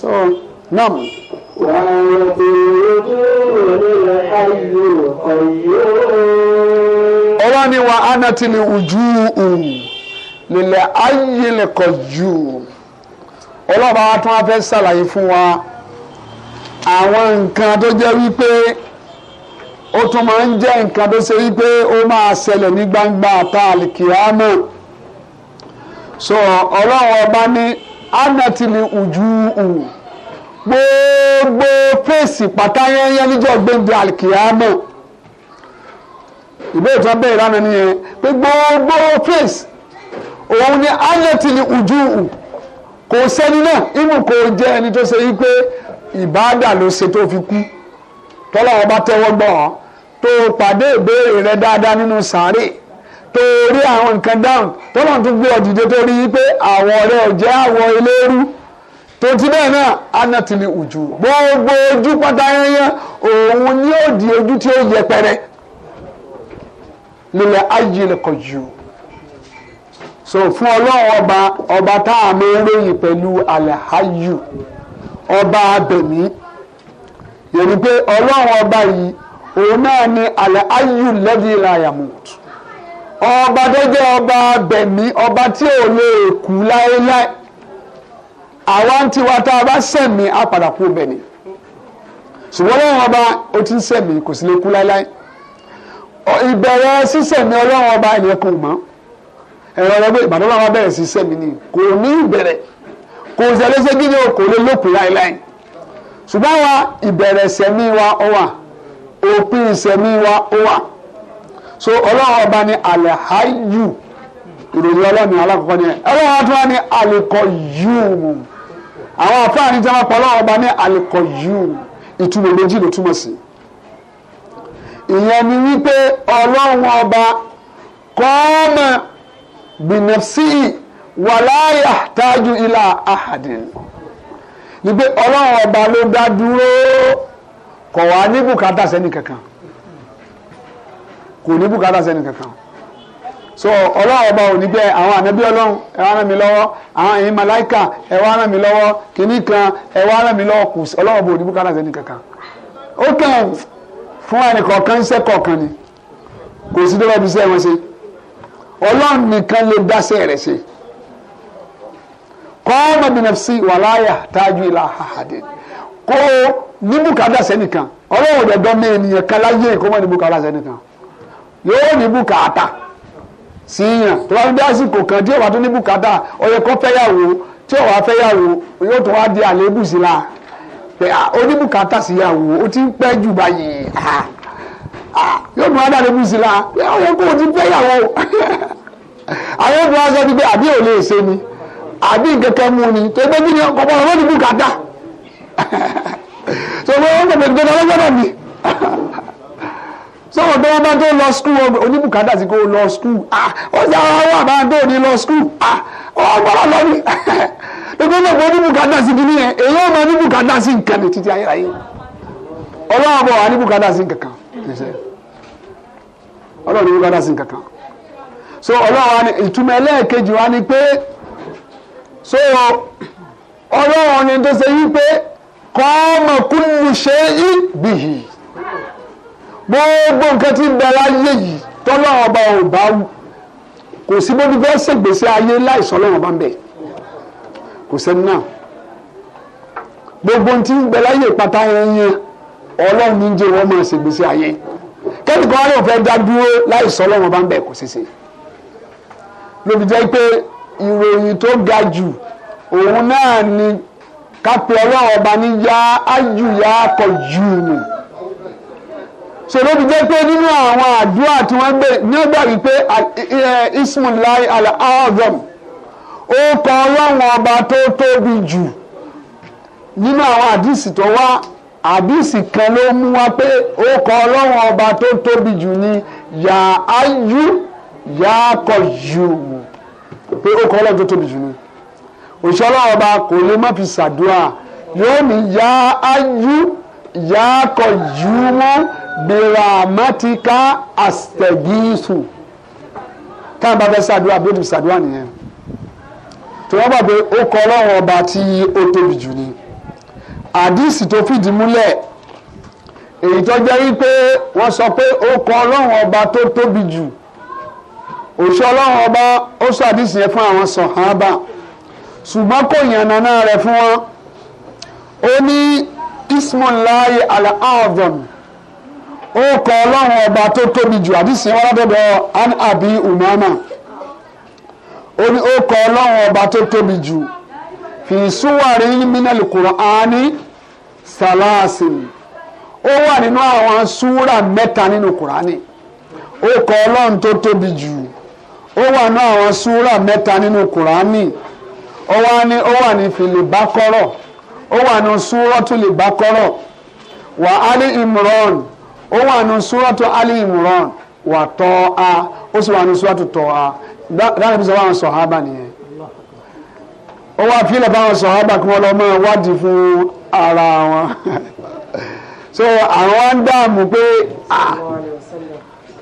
so nam. ni wa tún wá fẹ́ ṣàlàyé fún wa àwọn nǹkan tó wípé. ó tún máa ń jẹ́ nǹkan tó ṣe wípé ó máa ṣẹlẹ̀ ní gbangba ta so ọlọ́run ọba ní anatili ojú ù gbogbo fèsì pátáyẹ́yẹ́ níjọ́ gbẹ̀ndẹ̀ àlìkìyámà ìbéèrè tó ń bẹ̀rẹ̀ lánàá nìyẹn pé gbogbo fèsì òun ni anatili ojú ù kò sẹ́ni náà ìmù kò jẹ́ ẹni tó ṣe wípé ìbáàdà ló ṣe tó fi kú tọ́lá ọba tẹ́wọ́ gbọ́ wọn. tó o pàdé ìbéèrè rẹ dáadáa nínú sàárè tó o rí àwọn nǹkan dáhùn tọ́lọ̀ tún gbé ọ̀dìdẹ tó rí pé àwọ̀ rẹ ò àwọ̀ eléérú tó ti bẹ́ẹ̀ náà anatili ojú gbogbo ojú pátá yẹnyẹn òun ni ó di ojú tí ó lílẹ̀ so fún ọlọ́run ọba ọba tá a mọ eréyìn pẹ̀lú alahayu ọba abẹ̀mí pé ọlọ́run ọba yìí òun náà ni àlẹ́ ayú lẹ́dí láyàmùt ọba tó jẹ́ ọba bẹ̀mí ọba tí ò lè kú láéláé àwa ń tiwa tá a bá sẹ̀mí á padà kú bẹ̀ni ṣùgbọ́n lọ́wọ́n ọba ó ti ń sẹ̀mí kò sì lè kú láéláé ìbẹ̀rẹ̀ sísẹ̀mí ọlọ́run ọba ìyẹn kò mọ́ ẹ̀rọ ọlọ́gbẹ́ ìbàdàn ọlọ́run ọba bẹ̀rẹ̀ sí sẹ̀mí ni kò ní ìbẹ̀rẹ̀ kò sì gídé kò lópin láéláé ṣùgbọ́n wa ìbẹ̀rẹ̀ sẹ̀mí wa ọ òpin ìsẹ̀mí wa ó wà so ọlọ́run ọba ni alẹ́háyù ìròyìn ọlọ́run alákọ̀ọ́kọ́ ni ọlọ́run ọba ni alẹ́kọ̀ọ́yùmù àwọn afáàní tí wọ́n pa ọlọ́run ọba ní alẹ́kọ̀ọ́yùmù ìtumọ̀ méjì ló túmọ̀ sí ìyẹn ni wípé ọlọ́run ọba kọ́ọ̀mọ̀ bìnẹ́fsì wàláyà tájú ilà àhàdìn ni pé ọlọ́run ọba ló dá dúró kò wá ní bùkátà sẹ́ni kankan kò ní bùkátà sẹ́ni kankan so ọlọ́run ọba ò ní gbẹ àwọn ànábí ọlọ́run ẹ wá ràn mí lọ́wọ́ àwọn ẹ̀yin màláìkà ẹ wá ràn mí lọ́wọ́ kìíní kan ẹ wá ràn mí lọ́wọ́ kù ọlọ́run ọba ò ní bùkátà sẹ́ni kankan ó kàn fún ẹnìkọ̀ọ̀kan iṣẹ́ kọ̀ọ̀kan ni kò sí dọ́là ibiṣẹ́ wọn ṣe ọlọ́run nìkan ló dáṣẹ́ rẹ̀ ṣe kọ́ ọ́ sí wàláyà tájú ìlà àhàdé kó níbùkádà sẹ́nìkan ọlọ́run dẹ̀dọ́ mi ènìyàn kan láyé kó mọ̀ níbùkádà sẹ́nìkan yóò níbùkátà sí yàn tó bá dé àsìkò kan tí òwà tó níbùkátà ọyẹ kó fẹ́yàwó tí òwà fẹ́yàwó yóò tó wá di àlébù sí la oníbùkátà síyàwó ó ti ń pẹ́ jù báyìí yóò tún wá dá lébù sí ọyẹ kó o ti fẹ́yàwó [laughs] àwọn obìnrin aṣọ ti pé àbí ò lè ṣe ni àbí nǹkan mú ni tó gbé bí ni ọkọ̀ ọ̀rọ̀ ló [laughs] so wọ́n kò gbẹ̀gbẹ̀ náà lọ́gbẹ̀dọ̀ mi [laughs] so ọ̀dọ́ wọn bá tó lọ skul oníbùkátà sí kó lọ skul ah ó sì àwọn àwọn àbá tó ní lọ skul ah ó gbọ́dọ̀ lọ ní ẹgbẹ́ náà kó oníbùkátà sí kí nìyẹn èyí ó mọ oníbùkátà sí nǹkan ní títí ayérayé ọlọ́wọ́ bọ̀ wà oníbùkátà sí kankan ọlọ́wọ́ oníbùkátà sí kankan so ọlọ́wọ́ ìtumọ̀ ẹlẹ́ẹ̀kejì wa ni pé so ọlọ́wọ́ ni tó ṣe yí pé kọ́ọ̀mọ̀ kúnnù ṣe yí bìhì gbogbo nǹkan tí ń bẹ láyé yìí tọ́lọ́ ọba ò bá wù kò sí bó ti fẹ́ ṣègbésí ayé láìsọ lọ́wọ́ bá ń bẹ̀ kò sẹ́ni náà gbogbo tí ń bẹ láyé ìpàtà yẹn ọlọ́run ní jẹ́ wọ́n máa ṣègbésí ayé kẹ́nìkan wá lóun fẹ́ dá dúró láìsọ lọ́wọ́ bá ń bẹ̀ kò ṣeéṣe lóbi jẹ́ pé ìròyìn tó ga jù òun náà ni ká pe ọlọ́run ọba ní yá ájù yá akọ jù nù sọ̀rọ̀ ti jẹ́ pé nínú àwọn àdúrà tí wọ́n gbé nígbà wípé ismullahi al-azam ó kọ ọlọ́run ọba tó tóbi jù nínú àwọn àdìsí tó wá àdìsí kan ló mú wá pé ó kọ ọlọ́run ọba tó tóbi jù ní yà áyú yà kọ jù pé ó kọ ọlọ́run tó tóbi jù ní òṣìṣẹ́ ọlọ́run ọba kò lè má fi ṣàdúrà yóò ní yá áyú yá kọ yúmú bìrà mẹ́tíkà àstẹ̀gísù táwọn bá fẹ́ ṣàdúrà bí ó ti ṣàdúrà nìyẹn tí wọ́n gbà pé ó kọ ọlọ́run ọba tí ó tóbi jù ni àdìsí tó fìdí múlẹ̀ èyí tó jẹ́ wípé wọ́n sọ pé ó kọ ọlọ́run ọba tó tóbi jù òṣìṣẹ́ ọba ó sọ àdìsí yẹn fún àwọn sọ̀hánbà. So ṣùgbọ́n kò yànnàná rẹ̀ fún wọn ó ní ismullahi al ó kọ ọlọ́run ọba tó tóbi jù àdìsí wọn lọ́dọ̀dọ̀ umama ó ní ọba tó tóbi jù fi súwárí minal Qur'ani salasin ó wà nínú àwọn súwúrà mẹ́ta nínú ó kọ ọlọ́run tó tóbi jù ó wà nínú àwọn ó wá ní ó wà ní filibakọ́rọ̀ ó wà ní súrọ́tù wà Ali Imran ó wà ní súrọ́tù Imran wà tọ́ a ó sì wà ní súrọ́tù a dáhùn bí sọ wà wọn sọ̀hábà nìyẹn ó wá fílẹ̀ báwọn sọ̀hábà kí wọ́n lọ wádìí fún ara wọn [laughs] so àwọn á ń dààmú pé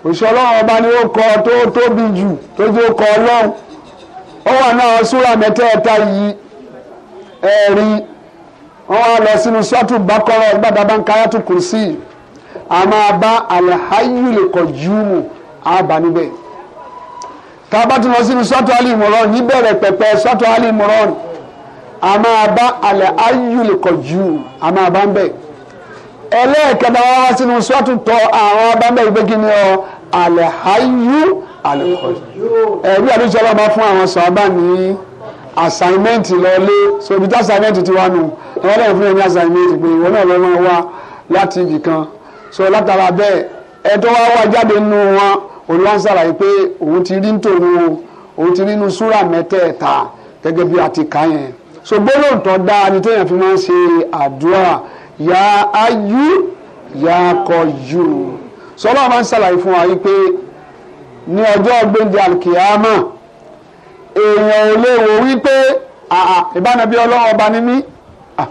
òṣèlú ọba ni ó kọ tó tóbi jù kọ ọlọ́run. ó wà náà súra mẹ́tẹ́ẹ̀ta yìí ẹ̀rí wọ́n wá lọ sínú sọ́ọ̀tù bákọ́rọ̀ gbàdá bá ń káyà tó kù sí i a máa bá alihayule kọjúmù àbá níbẹ̀ tá a bá tún lọ sínú sọ́ọ̀tù alìmọ̀rán níbẹ̀rẹ̀ pẹ̀pẹ̀ sọ́ọ̀tù alìmọ̀rán a máa bá alihayule kọjúmù a máa bá ń bẹ̀ ẹlẹ́ẹ̀kẹta wá sínú sọ́ọ̀tù tọ́ àwọn abámbẹ̀ ìgbégi ni ọ alihayu alukọ̀dà ẹ̀rí àdúgbò ọlọ́ba fún àwọn sọ̀rọ̀bà ní assignment lọ́lé so ibi tí assignment ti wá nù ẹ̀rọ lẹ́yìn fún yẹn ní assignment pé ìwọ náà lọ́wọ́ wá láti ibì kan so látara bẹ́ẹ̀ ẹ tó wá wá jáde nínú wọn òun wá ń ṣàlàyé pé òun ti rí nítorí òun ti rí nínú súrà mẹ́tẹ̀ẹ̀ta gẹ́gẹ́ bí a ti kà yẹn so gbólóhùn tó dáa ni téèyàn fi máa ń ṣe àdúrà yá ayú yá kọjú sọlá máa ń ṣàlàyé fún wa yìí pé ní ọjọ́ gbèǹde alkiyama èèyàn ò lè wò wípé ìbánabi ọlọ́run ọba ni mí ah,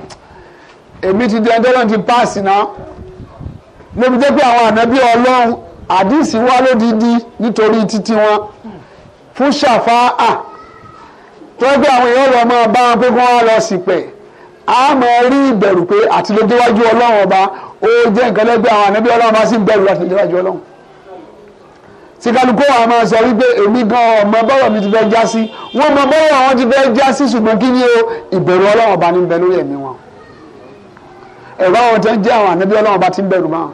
èmi ti di ẹjọ́ náà ti páàsì náà lóbi jẹ́ pé àwọn ànábí ọlọ́run àdìsí wá lódìdí nítorí títí wọn fún ṣàfà à ah, tó pé àwọn èèyàn lọ máa bá wọn pé kí wọ́n lọ sípẹ̀ a máa rí ìbẹ̀rù pé àti lójúwájú ọlọ́run ọba ó jẹ́ nǹkan lẹ́gbẹ̀ẹ́ àwọn ànábí ọlọ́run bá sì ń bẹ̀rù láti ọlọ́run tí kálukú wa máa sọ wípé èmi gan ọmọ bọ́rọ̀ mi ti fẹ́ já sí wọ́n mọ bọ́rọ̀ wọn ti fẹ́ já sí ṣùgbọ́n kí ni o ìbẹ̀rù ọlọ́run ọba ní bẹ lórí ẹ̀mí wọn ẹ̀rọ àwọn tó ń jẹ́ àwọn ànábí ọlọ́run ọba ti ń bẹ̀rù máa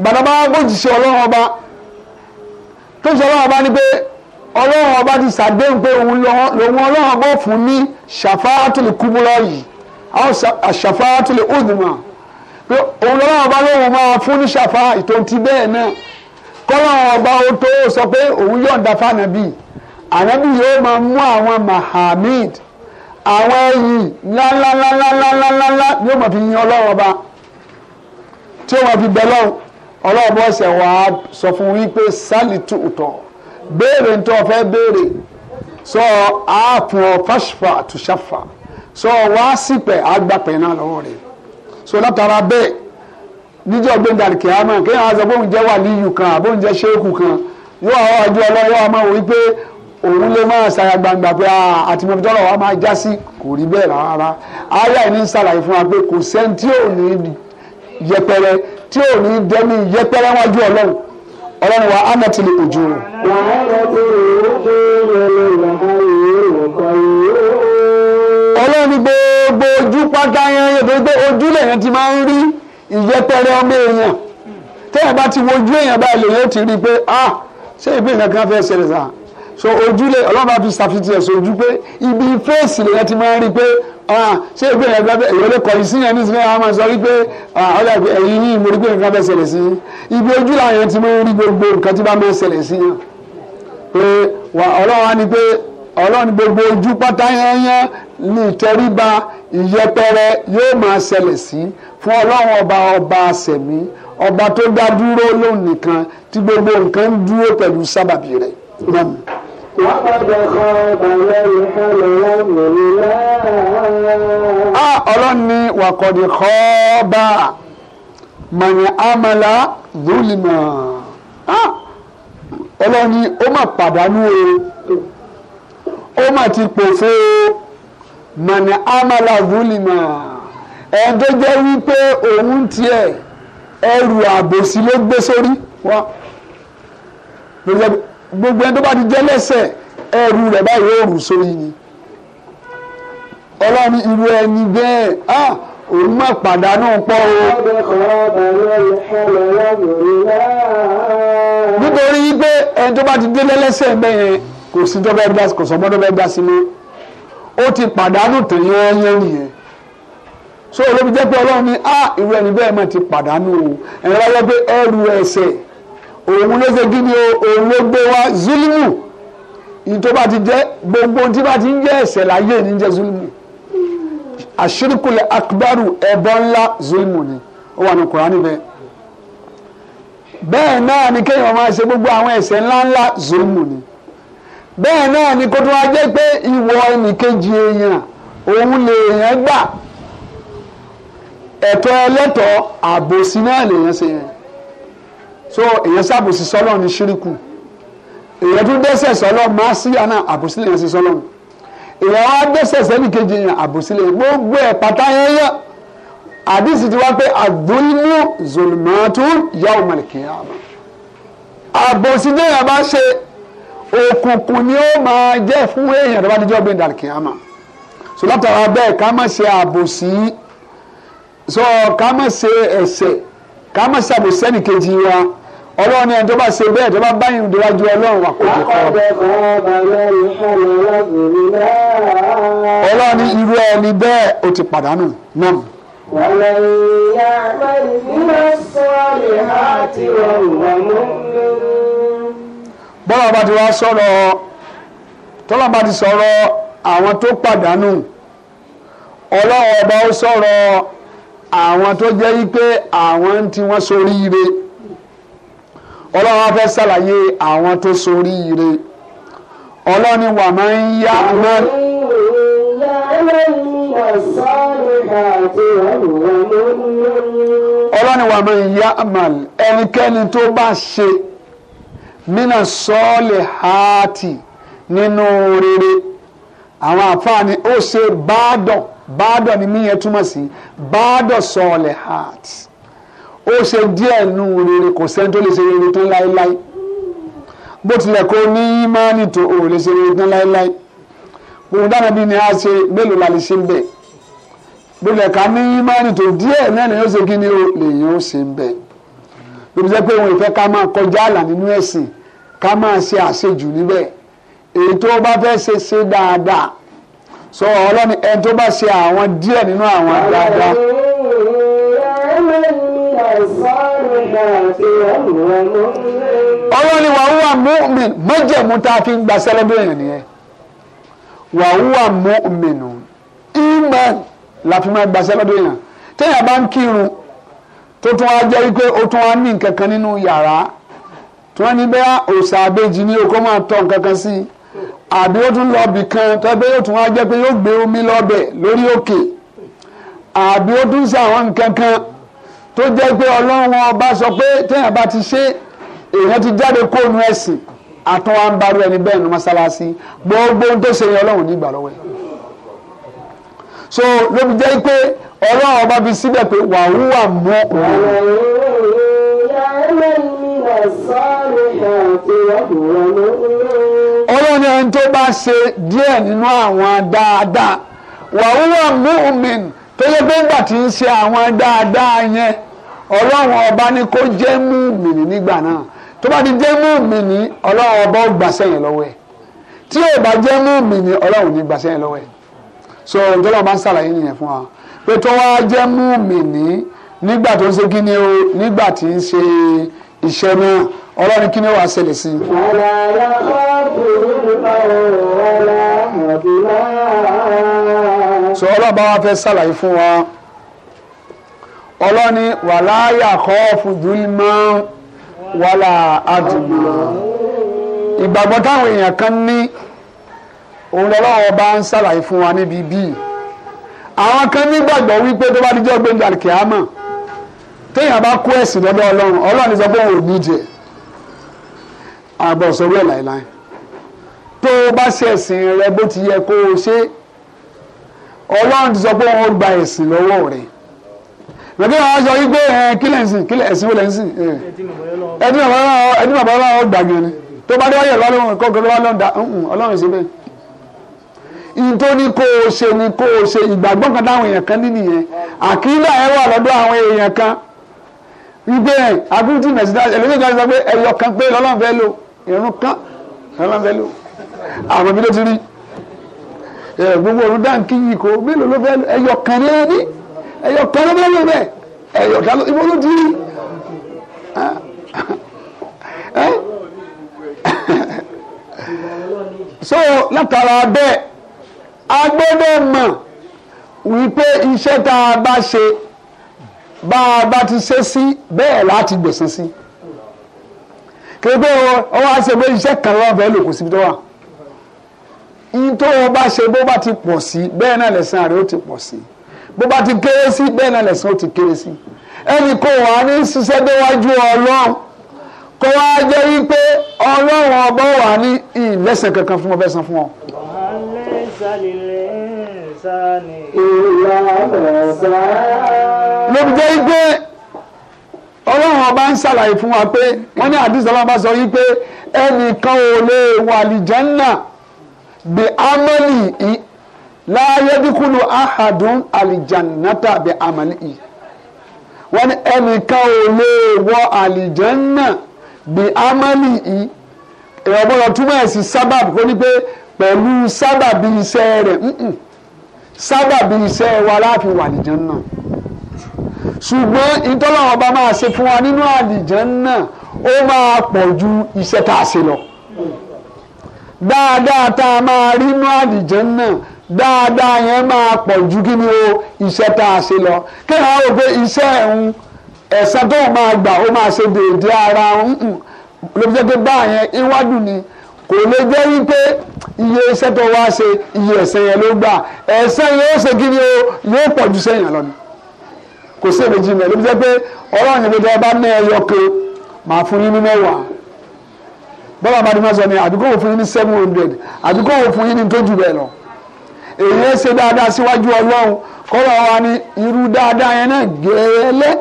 gbàdá bá wọn gbòjì sí ọlọ́run ọba tó ń sọ ọlọ́run ọba ni pé ọlọ́run ọba ti ṣàdéhùn pé òun lòun ọlọ́run ọba fún ní ṣàfáàtìlì kúbúrọ́ yìí àwọn ṣàfáàtìlì kọ́lọ́ ọba ó tó sọ pé òun yọ̀ǹda fànàbí ànábì yóò máa mú àwọn mahamid àwọn ẹyìn ńláńláńláńláńláńlá yóò máa fi yin ọlọ́run ọba tí wọ́n fi bẹ lọ́run ọlọ́run bọ́ ṣẹ̀ wá sọ fún wí pé sálì tòótọ́ béèrè ń tọ́ fẹ́ béèrè sọ ààfin ọ fàṣfà àtúnṣàfà sọ wá sípẹ̀ àgbàpẹ̀ náà lọ́wọ́ rẹ̀ sọ látara bẹ́ẹ̀ níjọ́ gbẹ̀ngàn kìámà kéèyàn á sọ bóun jẹ́ wàlíyù kan àbóun jẹ́ ṣéèkù kan yóò àwọn ọjọ́ ọlọ́yọ́ àmọ́ wí pé òun lè máa ṣàyà gbangba pé ah, àti mọ̀bí tọ́lọ̀ wa máa já sí kò rí bẹ́ẹ̀ rárá ayé àìní ń ṣàlàyé fún wa pé kò sẹ́ni tí ò ní yẹpẹrẹ tí ò ní dẹ́mi yẹpẹrẹ wájú ọlọ́run ọlọ́run wa amẹ́tì lè kò ju o. ọlọ́run gbogbo ojú pátá yẹn yẹn gbogbo ojú lèyàn ti máa ń rí ìyẹpẹrẹ ọmọ èèyàn téèyàn bá ti wojú èèyàn báyìí lè yóò ti rí i pé ah ṣé ìpín nǹkan kan fẹ́ ṣẹlẹ̀ sá so ojúlé ọlọ́run fi ṣàfihàn ẹ̀sọ́ ojú pé ibi fèsì lèyàn ti máa ń rí i pé ah ṣé ìpín nǹkan kan fẹ́ èèyàn lè kọ̀yìn sí yẹn ní sinimá máa sọ wípé ah ọ̀dà pé ẹ̀yìn yìí mo rí pé nǹkan fẹ́ ṣẹlẹ̀ sí ibi ojú làwọn yẹn ti máa ń rí gbogbo nǹkan tí bá máa ṣẹlẹ̀ sí yẹn pé ọlọ́run á ní pé ọlọ́run gbogbo ojú pátá yányán ní ìtẹríba ìyẹpẹrẹ yóò máa ṣẹlẹ̀ sí fún ọlọ́run ọba ọba àṣẹ̀mí ọba tó dá dúró lóun nìkan tí gbogbo nǹkan ń dúró pẹ̀lú sábàbí rẹ̀. Ah, ọlọ́run ní wàkọ̀dì kọ́ bá mọ̀nyẹ́ àmàlà dùlìmọ̀ ah, ọlọ́run ní ó mà pàdánù o ó mà ti pòfo mọ̀nì amala zulima ẹni tó jẹ́ wípé òun tiẹ̀ ẹrù àbòsí ló gbé sórí wá gbogbo ẹni tó bá ti jẹ́ lẹ́sẹ̀ ẹrù rẹ̀ báyìí ó rù sórí ni ọlọ́run irú ẹni bẹ́ẹ̀ ah òun má pàdánù pọ̀ o. nítorí pé ẹni tó bá ti dé lẹ́lẹ́sẹ̀ bẹ́ẹ̀ yẹn kò sí tó fẹ́ dá kò sọ́mọ́ tó fẹ́ dá sílé ó ti pàdánù tán nìyẹn so olóbi jẹ́ pé ọlọ́run ni á irú ẹni bẹ́ẹ̀ mà ti pàdánù o ẹ̀rọ wáyé pé ẹrù ẹ̀ṣẹ̀ òun ló ṣe kí o òun ló gbé wá zulimu ìyí tó bá ti jẹ́ gbogbo tí bá ti ń jẹ́ ẹ̀ṣẹ̀ láyé ní jẹ́ zulimu àṣírìkulẹ̀ akbaru ẹ̀bọ ńlá zulimu ni ó wà ní Kùránì bẹ́ẹ̀ bẹ́ẹ̀ náà ni kéèyàn máa ṣe gbogbo àwọn ẹ̀ṣẹ̀ ńláńlá zulimu ni bẹ́ẹ̀ náà ni kó tó wá jẹ́ pé ìwọ ẹnìkejì èèyàn òun lèèyàn gbà ẹ̀tọ́ ẹlẹ́tọ̀ àbòsí náà lèèyàn ṣe yẹn so èèyàn ṣàbòsí sọ́lọ́ ní ṣíríkù èèyàn tún dẹ́sẹ̀ sọ́lọ́ máa sí àná àbòsí lèèyàn ṣe sọ́lọ́ èèyàn wá dẹ́sẹ̀ sẹ́nìkejì èèyàn àbòsí lèèyàn gbogbo ẹ̀ pátá yẹn yẹ àdìsí ti wá pé àdúlmù zolmọ́tún yawmal qiyamah àbòsí déèyàn bá ṣe òkùnkùn ni ó máa jẹ́ fún èèyàn tó bá dijọ́ gbé dàlùkì àmà so látara bẹ́ẹ̀ ká má ṣe àbòsí so ká má ṣe ẹ̀ṣẹ̀ ká má ṣe àbòsí ẹnìkejì wa ọlọ́run ni ẹni tó bá ṣe bẹ́ẹ̀ tó bá báyìí ń dọ́wájú ọlọ́run wà kó jẹ́kọ́. ọlọ́run ní irú ẹni bẹ́ẹ̀ ó ti pàdánù náà. ومن يعمل من الصالحات وهو مؤمن bọ́lá ọba ti wá sọ̀rọ̀ tọ́lá ọba ti sọ̀rọ̀ àwọn tó pàdánù ọlọ́run ọba ó sọ̀rọ̀ àwọn tó jẹ́ wípé àwọn tí wọ́n soríire ọlọ́run á fẹ́ àwọn tó soríire ọlọ́run ni wà máa ń yá náà. ọlọ́run wà máa ń yá àmàlẹ́ ẹnikẹ́ni tó bá ṣe mina sọ́ọ̀lì haati nínú rere àwọn àfáàní ó ṣe báàdọ̀ báàdọ̀ ni mí yẹn túmọ̀ sí báàdọ̀ sọ́ọ̀lì haati ó ṣe díẹ̀ nù rere kò sẹ́ni tó lè ṣe rere tán láéláé bó tilẹ̀ kó ní ímánì tó ò lè ṣe rere tán láéláé òun dáná bí ni a ṣe mélòó la lè ṣe ń bẹ̀ bó tilẹ̀ ká ní ímánì tó díẹ̀ náà lè yóò ṣe kí ni lè yóò ṣe ń bẹ̀ lóbi jẹ́ pé òun ìfẹ́ ká máa kọjá àlà nínú ẹ̀sìn ká máa ṣe àṣejù níbẹ̀ èyí tó bá fẹ́ ṣe ṣe dáadáa sọ ọlọ́ni ẹni tó bá ṣe àwọn díẹ̀ nínú àwọn dáadáa. ọlọ́ni wàhùwà mọ́ọ̀mìn mọ́jẹ̀mú tá a fi ń gba sẹ́lẹ̀bẹ̀rẹ̀ nìyẹn wàhùwà mọ́ọ̀mìn ìmọ̀ la fi máa gba sẹ́lẹ̀bẹ̀rẹ̀ téèyàn bá ń kírun tó tún wá jẹ́ wípé ó tún wá ní nǹkan nínú yàrá tí wọ́n ní bẹ́ẹ̀ òòṣà àbejì ni o kó máa tọ̀ nǹkan kan sí i àbí ó tún lọ bì kan tó ẹ pé yóò tún wá jẹ́ pé yóò gbé omi lọ́bẹ̀ lórí òkè àbí ó tún sí àwọn nǹkan tó jẹ́ pé ọlọ́run ọba sọ pé téèyàn bá ti ṣe èèyàn ti jáde kó nu ẹ̀sìn àtúnwá ń barú ẹni bẹ́ẹ̀ nu mọ́sálásí gbogbo ohun tó ṣe yẹn ọlọ́run ní ìgbà lọ́wọ́ yẹn so ló fi jẹ́ pé ọlọ́run ọba fi síbẹ̀ pé wàhúwà mú ọkùnrin. ọlọ́run ni ẹni tó bá ṣe díẹ̀ nínú àwọn dáadáa wàhúwà mú ọmìn tó yẹ pé nígbà tí ń ṣe àwọn dáadáa yẹn ọlọ́run ọba ni kó jẹ́ mú mìnì nígbà náà tó bá ti jẹ́ mú mìnì ọlọ́run ọba ó gbàṣẹ́ yẹn lọ́wọ́ ẹ̀ tí ò bá jẹ́ mú mìnì ọlọ́run ò ní gbàṣẹ́ yẹn lọ́wọ́ ẹ̀ so ìjọba máa ń ṣàlàyé nìyẹn fún wa pé tó wá jẹ́ mùmíní nígbà tó ń ṣe kí ni o nígbà tí ń ṣe iṣẹ́ náà ọlọ́run kí ni wàá ṣẹlẹ̀ sí i. ọ̀la yàtọ̀ kùrùmọ̀ ọ̀la àdúrà. sọ ọlọ́ba wa fẹ́ ṣàlàyé fún wa ọlọ́ni wàlá yàkọ́ fùdúlmọ́ wàlá àdùnmọ́ ìgbàgbọ́ táwọn èèyàn kan ní òun lọ́wọ́ bá ń ṣàlàyé fún wa níbi bíi àwọn kan nígbàgbọ́ wípé tó bá di jọ́ gbẹ̀ngà kìámà téèyàn bá kó ẹ̀sìn lọ́dọ̀ ọlọ́run ọlọ́run sọ pé òun ò ní jẹ àbọ̀ sọ wíwẹ̀ láìláì tó o bá ṣe ẹ̀sìn rẹ bó ti yẹ kó o ṣe ọlọ́run ti sọ pé òun ò gba ẹ̀sìn lọ́wọ́ rẹ̀ lọ́dún àwọn sọ wípé kílẹ̀ ẹ̀sìn kílẹ̀ ẹ̀sìn wọlé ẹ̀sìn ẹ̀dínwó ọlọ́run ọgbà gan ni tó bá dé wáyé ọlọ́run kọ́kọ́ ọlọ́run ṣe bẹ́ẹ̀ ìtòní kó o ṣe ni kó o ṣe ìgbàgbọ́ kan táwọn èèyàn kan ní nìyẹn àkíńdà ẹ wà lọ́dọ̀ àwọn èèyàn kan wípé àbúrútì mẹ̀sídà ẹlẹ́yìn kan sọ pé ẹ̀yọ kan pé lọ́lọ́run fẹ́ lò ìrún kan lọ́lọ́run fẹ́ lò àwọn ibi tó ti rí gbogbo òun dáǹkì yìí kó mélòó ló fẹ́ lò ẹ̀yọ kan lé ní ẹ̀yọ kan ló fẹ́ lò bẹ́ẹ̀ ẹ̀yọ kan ló ló ti rí [laughs] so látara bẹ́ẹ̀ a gbọ́dọ̀ mọ̀ wípé iṣẹ́ tá a bá ṣe bá a bá ti ṣe sí bẹ́ẹ̀ láti gbẹ̀san sí kébé ọwọ́ àṣẹ pé iṣẹ́ kan lọ́wọ́ bẹ́ẹ̀ lò kó síbi tó wà tó o bá ṣe bó bá ti pọ̀ sí bẹ́ẹ̀ náà lẹ̀san rẹ̀ ó ti pọ̀ sí bó bá ti kéré sí bẹ́ẹ̀ náà lẹ̀san ó ti kéré sí ẹnì kò wá ní ṣiṣẹ́ déwájú ọlọ́run kó wá jẹ́ wípé ọlọ́run ọgbọ́n wà ní ìlẹ́sẹ̀ kankan fún ọ fẹ́ san fún ọ ló fi jẹ́ wípé ọlọ́run ọba ń ṣàlàyé fún wa pé wọ́n ní àdìsí ọlọ́run bá sọ wípé ẹnìkan ò lè wà lìjánná bí amẹ́lì yìí láyé dúkúlù ahadùn àlìjánnátà bí amẹ́lì yìí wọ́n ní ẹnìkan ò lè wọ àlìjánná bí amẹ́lì yìí èèyàn túmọ̀ ẹ̀ sí sábàbù kó ní pé pẹ̀lú sábàbí iṣẹ́ rẹ̀ sábàbí iṣẹ́ wa láti wà nìjẹun náà ṣùgbọ́n ìtọ́lọ́wọ́ bá máa ṣe fún wa nínú àlìjẹun náà ó máa pọ̀ ju iṣẹ́ tá a ṣe lọ dáadáa tá a máa rí nínú àlìjẹun náà dáadáa yẹn máa pọ̀ ju kí ni o iṣẹ́ tá a ṣe lọ kí ni àwọn iṣẹ́ ẹ̀sán tó máa gbà ó máa ṣe déédéé ara ló fi jẹ́ pé báyẹn iwájú ni. kò lè jẹ́ wípé iye iṣẹ́ tó wá ṣe iye ẹ̀sẹ̀ yẹn ló gbà ẹ̀sẹ̀ yẹn ó ṣe o yóò pọ̀ ju sẹ́yìn lọ ni kò sí èmi jìnnà ló fi jẹ́ pé ọlọ́run ọba ní ẹyọ kan màá fún yín ní mẹ́wàá bọ́lá bá ní má sọ ni àdúgbò wò fún yín ní seven hundred àdúgbò wò fún yín ní tó jù bẹ́ẹ̀ lọ èyí ṣe dáadáa síwájú ọlọ́run kọ́lọ́ wa irú dáadáa yẹn náà gẹ́ẹ́lẹ́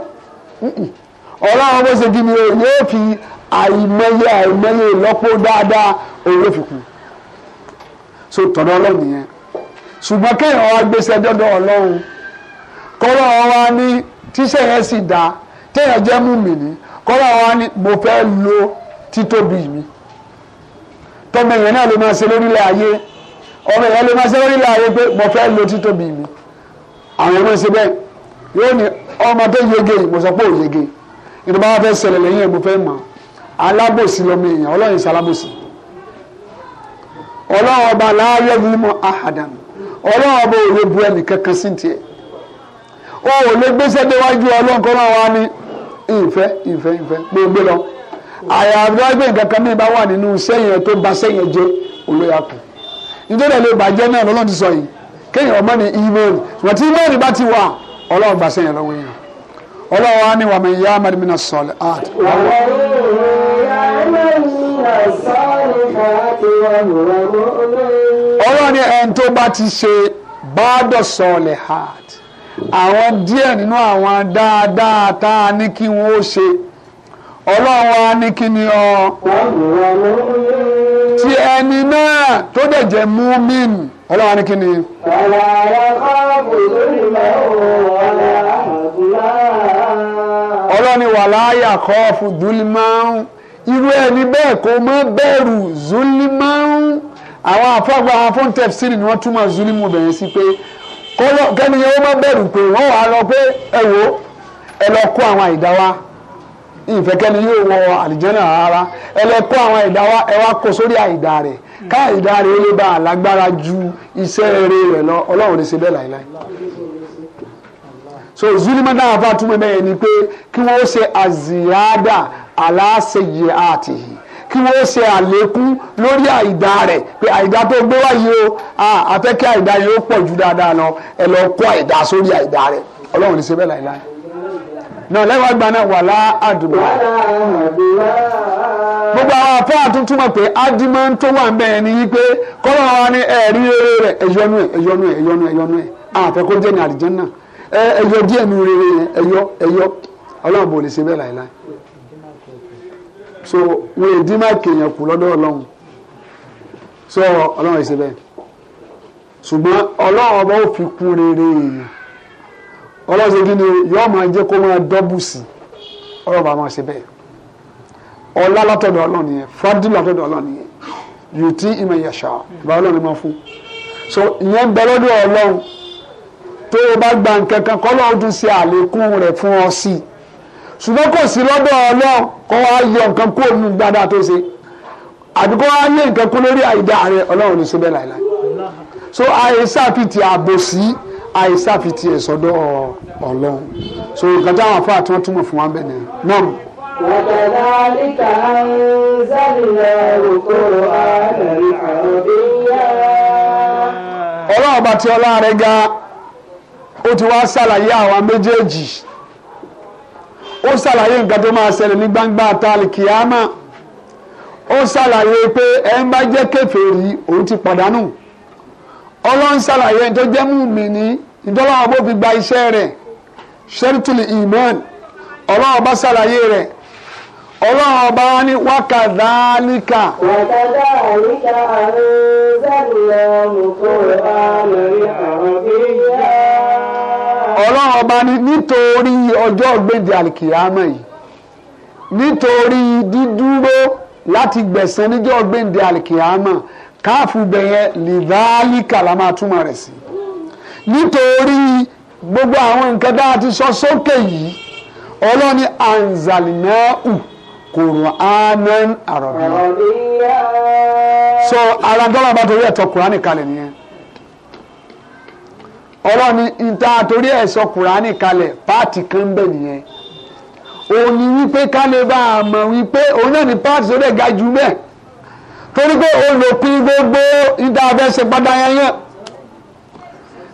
ọlọ́run o yóò fi àìmọye àìmọye ìlọ́pọ̀ dáadáa òun ló fi kú so tọ̀dọ̀ ọlọ́run nìyẹn ṣùgbọ́n kéèyàn wá gbèsè dọ́dọ̀ ọlọ́run kọ́lọ́ wa ní tíṣẹ́ yẹn sì dá téèyàn jẹ́ mùmínì kọ́lọ́ wa ní mo fẹ́ lo títóbi mi tọ́mọ yẹn náà ló máa ṣe lórílẹ̀ ayé ọmọ yẹn ló máa ṣe lórílẹ̀ ayé pé mo fẹ́ lo títóbi mi àwọn ọmọ ṣe bẹ́ẹ̀ yóò ní ọmọ tó yege mo sọ pé ò yege ìdúbà wa fẹ́ ṣẹlẹ̀ lẹ́yìn ẹ̀ mo fẹ́ mọ̀ alábòsí lọ́mọ èèyàn ọlọ́run ṣe alábòsí ọlọ́run ọba láàárọ̀ mímọ́ àhàdàn ọlọ́run ọba ò lè bu ẹnì kankan sí tiẹ̀ o ò lè gbéṣẹ́ déwájú ọlọ́run kọ́ náà wá ní ìfẹ́ ìfẹ́ ìfẹ́ gbogbo lọ àyàfi wáyé nǹkan kan mìíràn bá wà nínú sẹ́yìn tó ba sẹ́yìn jẹ́ olóyà kù nítorí ẹ̀lẹ́ ìbàjẹ́ náà lọ́lọ́run ti sọ yìí kéèyàn ọmọ ní ímeèlì wọ́n ti ímeèlì bá ti wà ọlọ́run gbà sẹ́yìn lọ́wọ́ yẹn ọlọ́run wa ni wàmí yá mẹ́rin náà sọ̀lẹ̀ áàtì ọlọ́run ni ẹni tó bá ti ṣe bádọ̀ sọ̀lẹ̀ hard àwọn díẹ̀ nínú àwọn dáadáa tá a ní kí wọ́n ó ṣe ọlọ́run wa ní kí ni ọ. ti ẹni náà tó dẹ̀ jẹ́ múmin ọlọ́run wa ní kí ni. ọ̀la ọlọ́run ni wàláyà kọ́ fún dùlímọ̀ irú ẹni bẹ́ẹ̀ kó má bẹ̀rù zulimaun àwọn àfọwọ́ àwọn afọ́ntẹ́fsìrì ni wọ́n túmọ̀ zulimu bẹ̀rẹ̀ sí pé kẹ́ni yẹn ó má bẹ̀rù pé wọ́n wà á lọ pé ẹ wò ó ẹ lọ kó àwọn àìdá wa ìfẹ́kẹ́ni yóò wọ àlìjẹ́nà rárá ẹ lọ kó àwọn àìdá wa ẹ wá kó sórí àìdá rẹ̀ ká àìdá rẹ̀ ó lè bá àlágbára ju iṣẹ́ eré rẹ̀ lọ ọlọ́run lè ṣe bẹ́ẹ̀ láìláì so Zulima zulimada afa túmọ̀ bẹ́ẹ̀ ni pé kí wọ́n ṣe àzìyáda aláṣeyè àtìyí kí wọ́n ṣe àlékún lórí àìdá rẹ̀ pé àìdá tó gbé wáyé o àfẹ́ kí àìdá yìí ó pọ̀ ju dáadáa lọ ẹ lọ kó àìdá sórí àìdá rẹ̀ ọlọ́run lè ṣe bẹ́ẹ̀ láìláì náà lẹ́wọ̀n àgbà náà wà lá àdùnnà. gbogbo àwọn afọ àtúntún mọ̀ pé ádìmọ́ tó wà ń bẹ̀rẹ̀ ni wípé kọ́lọ́ wa ní ẹ̀rí rere rẹ̀ ẹ̀yọ́nú ẹ̀ ẹ̀yọ́nú ẹ̀ ẹ̀yọ́nú ẹ̀ ẹ̀yọ́nú ẹ̀ àfẹ́ kó jẹ́ ní àlìjẹ́nnà ẹ̀yọ́ díẹ̀ nu rere yẹn ẹ̀yọ́ ẹ̀yọ́ ọlọ́run bò lè ṣe bẹ́ẹ̀ láìláì so wọn ò dín máa kéèyàn kù lọ́dọ̀ ọlọ́run so ọlọ́run ẹ̀ ṣe bẹ́ẹ̀ ṣùgbọ́n ọlọ́run ọba ò fi kún rere èèyàn ọlọ́run ṣe kí ni yọ́ọ́ máa jẹ́ kó máa dọ́bù sí ọlọ́run ọba máa ṣe bẹ́ẹ̀ ọlá látọ̀dọ̀ ọlọ́run nìyẹn fadí látọ̀dọ̀ ọlọ́run nìyẹn yòtí ìmọ̀ ìyàṣà ìbá ọlọ́run máa fún so ìyẹn bẹ lọ́dọ̀ ọlọ́run tó o bá gba nǹkan kan kọ́ lọ́ọ́ dún sí àlékún rẹ̀ fún ọ sí i ṣùgbọ́n kò sí lọ́dọ̀ ọlọ́run kó wá yọ nǹkan kúrò nínú dáadáa tó ṣe àbí kó wá lé nǹkan kú lórí àìdá rẹ ọlọ́run ní síbẹ̀ láìláì so àìsàfìtì àbòsí àìsàfìtì ẹ̀sọ́dọ̀ ọlọ́run so nǹkan táwọn afọ àti wọn túmọ̀ fún wa bẹ́ẹ̀ náà. وكذلك أنزلناه قرآنا عربيا ọlọ́run bá ti ọlá rẹ̀ ga ó ti ó ṣàlàyé nǹkan tó máa ṣẹlẹ̀ ní gbangba àtàlì kìámà ó ṣàlàyé pé ẹ ń bá jẹ́ kèfèrí òun ti pàdánù ọlọ́run ṣàlàyé ẹni tó jẹ́ mùmíní ìdọ́lọ́wọ́ bó fi gba iṣẹ́ rẹ̀ ṣẹ́rìtùlì ìmán ọlọ́run ọba ṣàlàyé rẹ̀ ọlọ́run ọba wa ní wákàdálíkà. wákàdálíkà àrùn sẹ́lẹ̀ ọmọkùnrin àmì bíi. ọlọ́run ọba ni nítorí ọjọ́ gbèdé àlìkìyámọ̀ yìí nítorí dídúró láti gbẹ̀san níjọ́ gbèdé àlìkìyámọ̀ káàfù bẹ̀yẹn lìdálíkà la máa túmọ̀ rẹ̀ sí nítorí gbogbo àwọn nǹkan tá a ti sọ sókè yìí ọlọ́ni anzalinau Qur'anan àròbíyà so ara dọ́là bá torí ẹ̀tọ́ Kùránì kalẹ̀ nìyẹn ọlọ́ni ìta torí ẹ̀ sọ kùránì kalẹ̀ páàtì kan bẹ̀ nìyẹn òun ni wípé kálẹ̀ bá a mọ̀ wípé òun náà ní páàtì tó dẹ̀ ga jù bẹ́ẹ̀ torí pé olùpín gbogbo ìta abẹ́sẹ̀ padà yẹn yẹn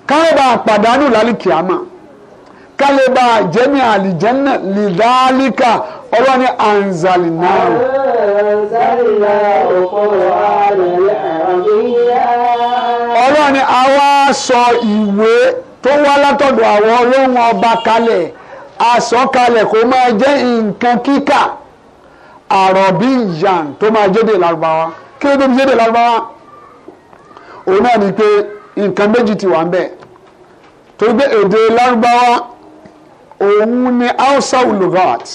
kálẹ̀ bá a pàdánù lálẹ́ kìámà kálẹ̀ bá a jẹ́mi àlìjẹ́nà lìdálíkà ọlọ́ni anzali náà. anzali náà òkú àlùyà àbíyá ọlọ́run ni àwa sọ ìwé tó wá látọ̀dọ̀ àwọn ọlọ́run ọba kalẹ̀ àsọkalẹ̀ kó máa jẹ́ nǹkan kíkà àròbí yàn tó máa jẹ́dẹ̀ lárúbáwá kí ló dé bí jẹ́dẹ̀ lárúbáwá òun náà ni pé nǹkan méjì ti wà ń bẹ̀ torí pé èdè lárúbáwá òun ni hausa ulugat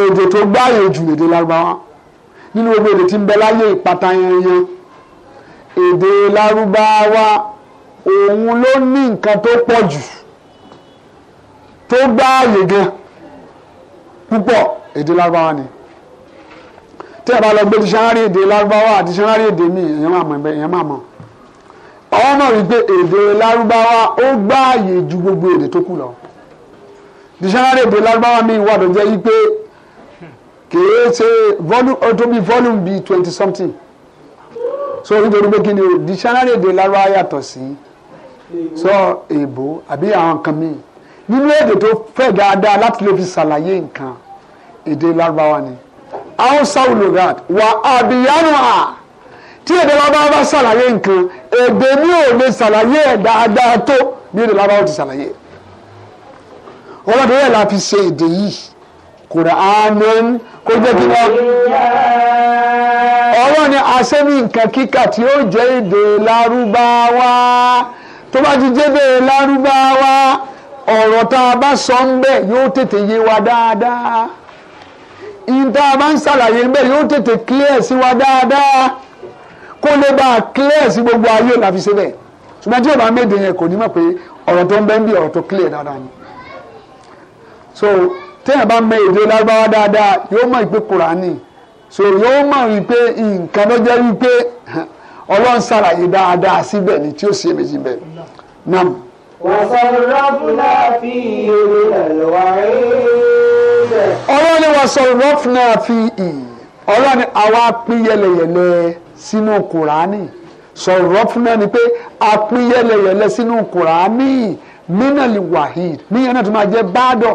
èdè tó gbáàyè jù èdè lárúbáwá nínú gbogbo èdè tí ń bẹ láyé ìpàtàyẹnyẹn èdè lárúbáwá òun ló ní nǹkan tó pọ̀ jù tó gbáàyè gan púpọ̀ èdè lárúbáwá ni tí a bá lọ gbé disanari èdè lárúbáwá àti disanari èdè mi èèyàn máa mọ ẹbẹ èèyàn máa mọ àwọn náà rí i pé èdè lárúbáwá ó gbáàyè ju gbogbo èdè tó kù lọ disanari èdè lárúbáwá mi wà jẹ́ yí pé kèé ṣe volume ó tó bí volume bíi twenty something so nítorí pé kí ni o dictionary èdè lárúbáwá yàtọ̀ sí sọ èèbó àbí àwọn nǹkan míì nínú èdè tó fẹ̀ dáadáa láti lè fi ṣàlàyé nǹkan èdè lárúbáwá ni hausa ologat wà abiyanu a tí èdè lárúbáwá bá ṣàlàyé nǹkan èdè mi ò lè ṣàlàyé ẹ̀ dáadáa tó bí èdè lárúbáwá ti ṣàlàyé ọlọ́dún yẹn la fi ṣe èdè yìí kùránù kó jẹ́ kí wọ́n ọwọ́ ni asẹ́mi nǹkan kíkà tí ó jẹ́ èdè lárúbáwá tó bá ti jẹ́ èdè lárúbáwá ọ̀rọ̀ tá a bá sọ ń bẹ̀ yóò tètè yé wa dáadáa ìyìn a bá ń ṣàlàyé ń bẹ̀ yóò tètè clear sí wa dáadáa kó lè bá a clear sí gbogbo ayé làfi ṣe bẹ́ẹ̀ ṣùgbọ́n tí yóò bá méde yẹn kò ní mọ̀ pé ọ̀rọ̀ tó ń bẹ́ ń bí ọ̀rọ̀ tó clear dáadáa ni so téèyàn bá mọ èdè lárúbáwá dáadáa yóò mọ̀ ìpè kùránì so yóò mọ̀ wípé nǹkan ló jẹ́ wípé ọlọ́run ṣàlàyé dáadáa síbẹ̀ ni tí ó ṣe méjì bẹ́ẹ̀ nam. wàsọ̀rọ̀fúnà fi èrè fi ì ọlọ́run ni àwa pín yẹlẹyẹlẹ sínú kùránì sọ̀rọ̀fúnà ni pé a pín yẹlẹyẹlẹ sínú kùránì mínàlì wàhíd níyẹn tó máa jẹ́ báàdọ̀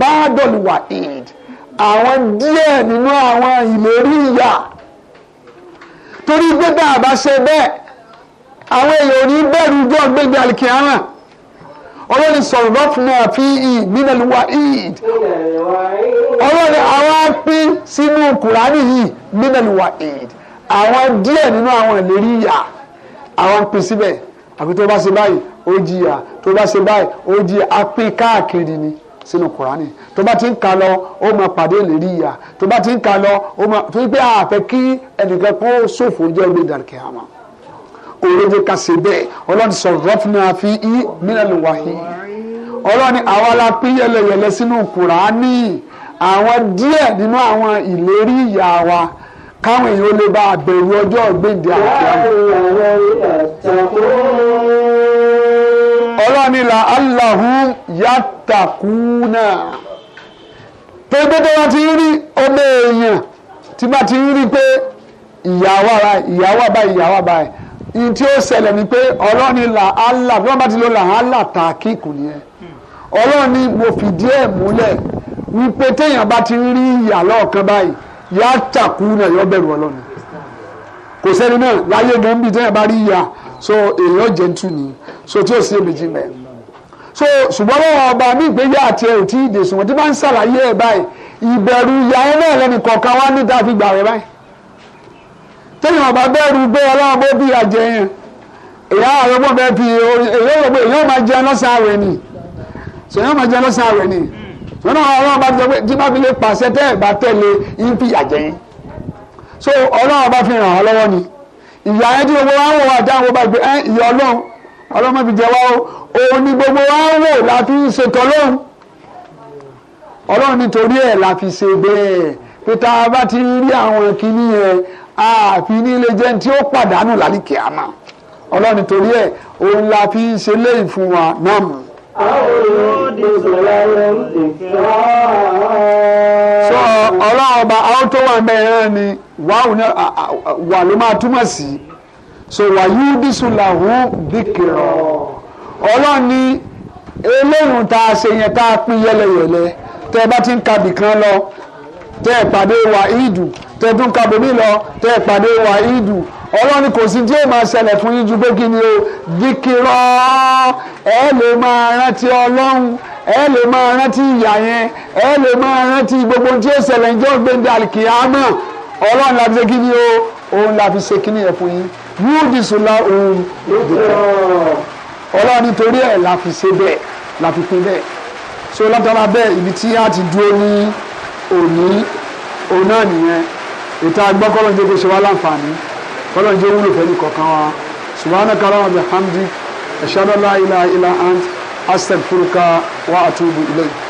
báàdọ̀ àwọn díẹ̀ nínú àwọn ìlérí ìyà torí pé tá ṣe bẹ́ẹ̀ àwọn èèyàn ò ní bẹ̀rù jọ gbégbé alikiyama ọlọ́ni sọ̀rọ̀ fún wa fi ìgbìnàlú wa ìd ọlọ́ni àwọn apín sínú kùránì yìí wa ìd àwọn díẹ̀ nínú àwọn ìlérí ìyà àwọn pín síbẹ̀ tó bá ṣe báyìí ó jìyà tó bá ṣe báyìí ó jìyà sínú kùránì tó bá ti ń ka lọ ó máa pàdé ìlérí ìyà tó bá ti ń ka lọ ó máa tó yí pé àfẹ́ kí ẹnìkan kó ṣòfò jẹ́ omi ìdàrúkẹ́ àmọ́ òrèdè ká ṣe bẹ́ẹ̀ ọlọ́run sọ rọ́fúnà fi í mílíọ̀nù wáyé ọlọ́run àwa la pín yẹlẹyẹlẹ sínú kùránì àwọn díẹ̀ nínú àwọn ìlérí ìyà wa káwọn èèyàn lè bá àbẹ̀wò ọjọ́ ọ̀gbìndì àti àwọn ọlọ́nìlà la yàtàkùnà tó gbé tó bá ti rí ọmọ èèyàn tí bá ti rí pé ìyàwó ara ìyàwó àbá ìyàwó àbá ẹ̀ ní tí ó ṣẹlẹ̀ ni pé ọlọ́nìlà aláhùn bí wọ́n bá ti lọ là aláhùn tàkìkù nìyẹn ọlọ́run ni mo fìdí ẹ̀ múlẹ̀ wípé téèyàn bá ti rí ìyà lọ́ọ̀kan báyìí yàtàkùnà yọ bẹ̀rù ọlọ́run kò sẹ́ni náà láyé gan bí téèyàn bá rí ìyà so èèyàn jẹ́ntù ni so tí ò sí èméjì mẹ́ so ṣùgbọ́n lọ́wọ́ ọba mi ìgbéyà àti ẹ̀rù tí ìdè sùnwọ̀n tí bá ń ṣàlàyé ẹ̀ báyìí ìbẹ̀rù ìyá ẹ náà lẹ́nu kọ̀ọ̀kan wá níta fi gbà rẹ̀ báyìí tẹ́lẹ̀ ọba bẹ́ẹ̀rù gbé ọlọ́run bó bí àjẹ yẹn ìyá àrọ́gbọ́n bẹ́ẹ̀ fi èyí ò gbé èyí ò máa jẹun lọ́sàn-án rẹ̀ ni so èyí ò máa jẹun lọ́sàn-án rẹ̀ ni sọ́nà ọlọ́run bá ti sọ pé tí bá fi lè pàṣẹ tẹ́ ẹ̀ bá tẹ́lẹ̀ yín fi àjẹ yín so ọlọ́run bá fi ràn án lọ́wọ́ ni ìyá ẹni tí gbogbo wa ń wò àti àwọn ọba ìgbé ẹ ìyá ọlọ́run ọlọ́mọ fi jẹ wá o òun ni gbogbo wa ń wò la fi ń ṣètò ọlọ́run ọlọ́run nítorí ẹ̀ la fi ṣe bẹ́ẹ̀ pé tá a bá ti rí àwọn kìíní yẹn àfi ní ilé jẹ́ tí ó pàdánù lálìkẹ́ àmà ọlọ́run nítorí ẹ̀ òun la fi ń ṣe léyìn fún wa náà mú. sọ ọlọ́run ọba àwọn tó wà mẹ́rin ni wàhùn náà wà ló máa túmọ̀ sí so wàyí bísúláhù bìkìrọ̀ ọlọ́run ní eléyìí tá a ṣe yẹn tá a pín yẹlẹyẹlẹ tẹ bá ti ń ka bìkan lọ tẹ ìpàdé wà ìdù tẹ tún ka bòmí lọ tẹ ìpàdé wà ìdù ọlọ́run kò sí tí yóò ṣẹlẹ̀ fún yín pé kí ni o bìkìrọ̀ ẹ lè máa rántí ọlọ́run ẹ lè máa rántí ìyá yẹn ẹ lè máa rántí gbogbo tí ó ṣẹlẹ̀ ń jẹ́ ògbéǹde àlìkìyà ọlọ́run la fi ṣe kíni o òun la fi ṣe kíni yẹn fún yín yúdìsúlá òun ọlọ́run nítorí ẹ̀ la fi ṣe bẹ́ẹ̀ la fi pín bẹ́ẹ̀ so látara bẹ́ẹ̀ ibi tí a ti dúró ní òní òun náà nìyẹn ètò àgbọ̀ kọ́lọ́n jẹ́ kó ṣe wá láǹfààní kọ́lọ́n jẹ́ wúlò fẹ́ ní kọ̀ọ̀kan wa subhanaka wa bihamdik ashhadu an la ila illa ant astaghfiruka wa atubu ilayk.